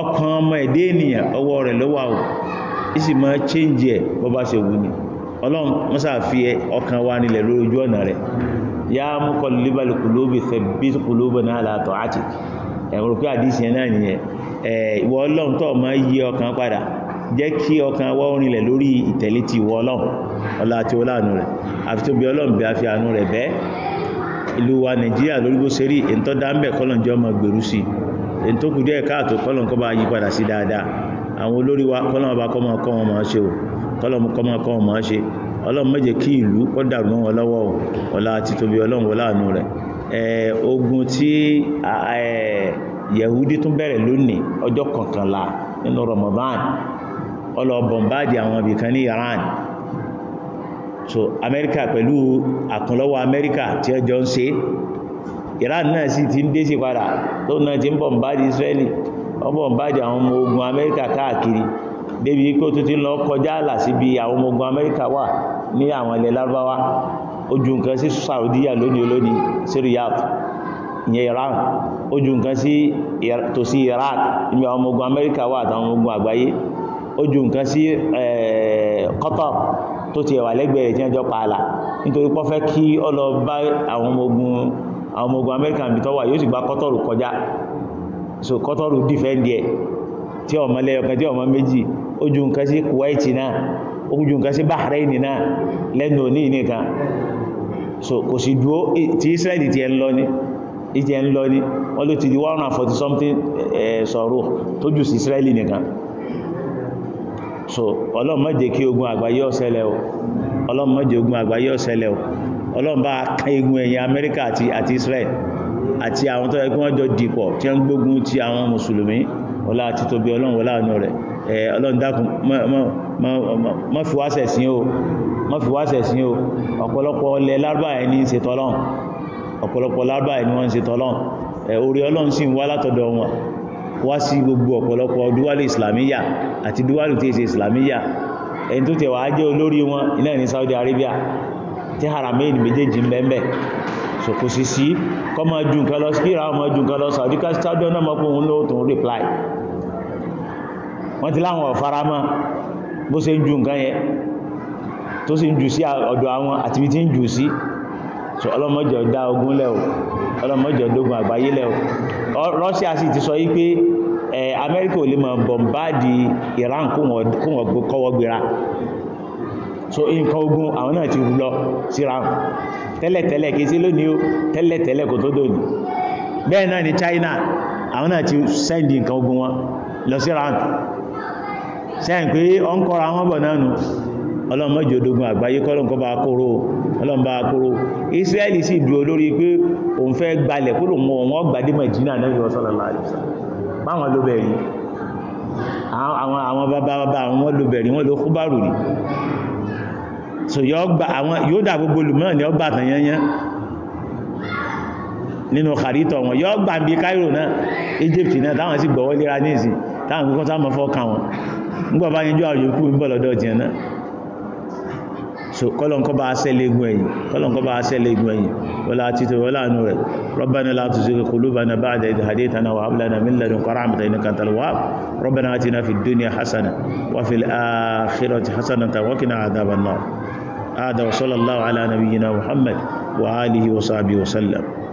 ọkàn ọmọ ẹ̀dẹ́ ènìyàn ọwọ́ rẹ̀ lọ́wọ́ àwọn change ẹ̀ bọ́ ṣe wù ní ọlọ́run mọ́sá fi ọkàn wa nílẹ̀ lórí ojú ọ̀nà rẹ̀ yá mú kọlu líbàlù kùlóbì fẹ̀bí kùlóbì náà látọ̀ àti ẹ̀rọ pé àdísì yẹn náà nìyẹn ìwọ ọlọ́run tó máa yí ọkàn padà jẹ́ kí ọkàn wa rinlẹ̀ lórí ìtẹ̀lé ti ìwọ ọlọ́run ọlá àti ọláàánú rẹ̀ àfi tó bí ọlọ́run bí a fi àánú rẹ̀ bẹ́ ìlú wa nàìjíríà lórí àwọn olórí wa kọ́lọ̀n ọba kọ́ mọ́ ọkọ́ wọn máa ṣe o kọ́lọ̀mọ́kọ́ máa ṣe ọlọ́run méje kí ìlú kọ́ dàrú wọn lọ́wọ́ ọlá àti tóbi ọlọ́run wọláàánú rẹ̀ ogun tí yẹ̀húdí tún bẹ̀rẹ̀ lónìí ọjọ́ kọkànlá nínú Ramadan ọlọ́ọ̀bọ̀n báàdì àwọn ní Iran so america pẹ̀lú àkànlọ́wọ́ america tí ọjọ́ Iran náà sì ti ń dé sí padà tó náà ti ń Israeli àwọn ọmọ débi pé ó tún ti lọ kọjá àlà síbi àwọn ọmọ ogun amẹ́ríkà wà ní àwọn ilẹ̀ lárúbáwá ojú nǹkan sí saudiya lónìí olónìí sí riyadh ìyẹn iran ojú nǹkan sí tòsí iraq níbi àwọn ọmọ ogun amẹ́ríkà wà àtàwọn ogun àgbáyé ojú nǹkan sí eh, qatar tó ti ẹ̀wà lẹ́gbẹ̀ẹ́ tí wọ́n jọ pààlà nítorí pọ́ fẹ́ kí ọ lọ bá àwọn ọmọ ogun àwọn ọmọ ogun amẹ́ríkà níbi tó wà yóò sì gba qatar kọjá so qatar dìfẹ́ndì ẹ̀ tí ọmọ lẹ́yọkan tí ọmọ méjì ojú nǹkan sí kuwaiti náà ojú nǹkan sí bahraini náà lẹ́nu òní nìkan so kò sí dúó tí israeli ti ẹ lọ ní ìjẹ ń lọ ní wọ́n ló ti di 140 something sọ̀rọ̀ tó jù sí israeli nìkan so ọlọ́run má jẹ́ kí ogun àgbáyé ó ṣẹlẹ̀ o ọlọ́run má jẹ́ ogun àgbáyé ó ṣẹlẹ̀ o ọlọ́run bá ká ẹ̀yìn amẹ́ríkà àti àti israel àti àwọn tó yẹ kí wọ́n jọ dìpọ̀ tí wọ́n gbógun ti àwọn mùsùlùmí ọlá àti tóbi ọlọ́run wọlá àánú rẹ̀ Eh, Ọlọ́run dákun má fi wá ṣẹ̀sín o má fi wá ṣẹ̀sín o ọ̀pọ̀lọpọ̀ ilẹ̀ lárúbáyà ní ṣe tọ́lọ́n ọ̀pọ̀lọpọ̀ lárúbáyà ní wọ́n ṣe tọ́lọ́n eh, orí Ọlọ́run sì ń wá látọ̀dọ̀ wọn wá sí gbogbo ọ̀pọ̀lọpọ̀ dúwálì islamiyya àti dúwálì tí ṣe islamiyya ẹni tó tẹ̀wà á jẹ́ olórí wọn iná ní Saudi Arabia tí haramain méjèèjì ń bẹ́ẹ̀ so kò sì sí kọ́ máa ju nǹkan lọ sí kíra máa ju nǹkan Saudi Arabia náà mọ́ pé òun lóòtún reply wọ́n ti láwọn ọ̀faramọ́ bó ṣe ń ju nǹkan yẹn tó sì ń jù sí ọ̀dọ̀ àwọn àti ń jù sí so ọlọ́mọjọ dá ogun lẹ́wọ̀ dógun àgbáyé lẹ́wọ̀ Russia sì ti sọ yí pé Amẹ́ríkà ò lè mọ̀ bọ̀m̀báàdì Iran kówọ́ gbéra so nǹkan ogun àwọn náà ti lọ síra tẹ́lẹ̀tẹ́lẹ̀ sí lónìí ó tẹ́lẹ̀tẹ́lẹ̀ kò tó dòní bẹ́ẹ̀ náà China sẹ́yìn pé ọ ń kọ́ra wọn bọ̀ náà nù ọlọ́mọjì odógun àgbáyé kọ́lọ́nkọ́ bá kóró ọlọ́mbà kóró Israẹli sì dúró lórí pé òun fẹ́ gbalẹ̀ kó lòun wọn gbàdé Mẹdínà nẹ́bí sallallahu alaihi wasallam báwọn ló bẹ̀rẹ̀ àwọn àwọn bàbá bàbá àwọn wọn ló bẹ̀rẹ̀ wọn ló ni so yóò dà gbogbo olùmọ́ ni ó bà tàn yányán nínú kàrítọ̀ wọn yóò gbà bí Cairo náà Egypt náà táwọn sì gbọ́wọ́ léra ní ìsìn táwọn kókó sáà fọ́ kà nígbà bá yẹnjú àwọn yòókù ń bọ̀ lọ́dọ̀ jẹ́ náà so kọlọ̀nkọ́ bá sẹ́lẹ̀gùn ẹ̀yìn kọlọ̀nkọ́ bá sẹ́lẹ̀gùn ẹ̀yìn wọlá títò wọlá àánú rẹ̀ ربنا لا تزغ قلوبنا بعد إذ هديتنا وهب لنا من لدنك رحمة إنك أنت الوهاب ربنا آتنا في الدنيا حسنة وفي الآخرة حسنة وقنا عذاب النار هذا وصلى الله على نبينا محمد وآله وصحبه وسلم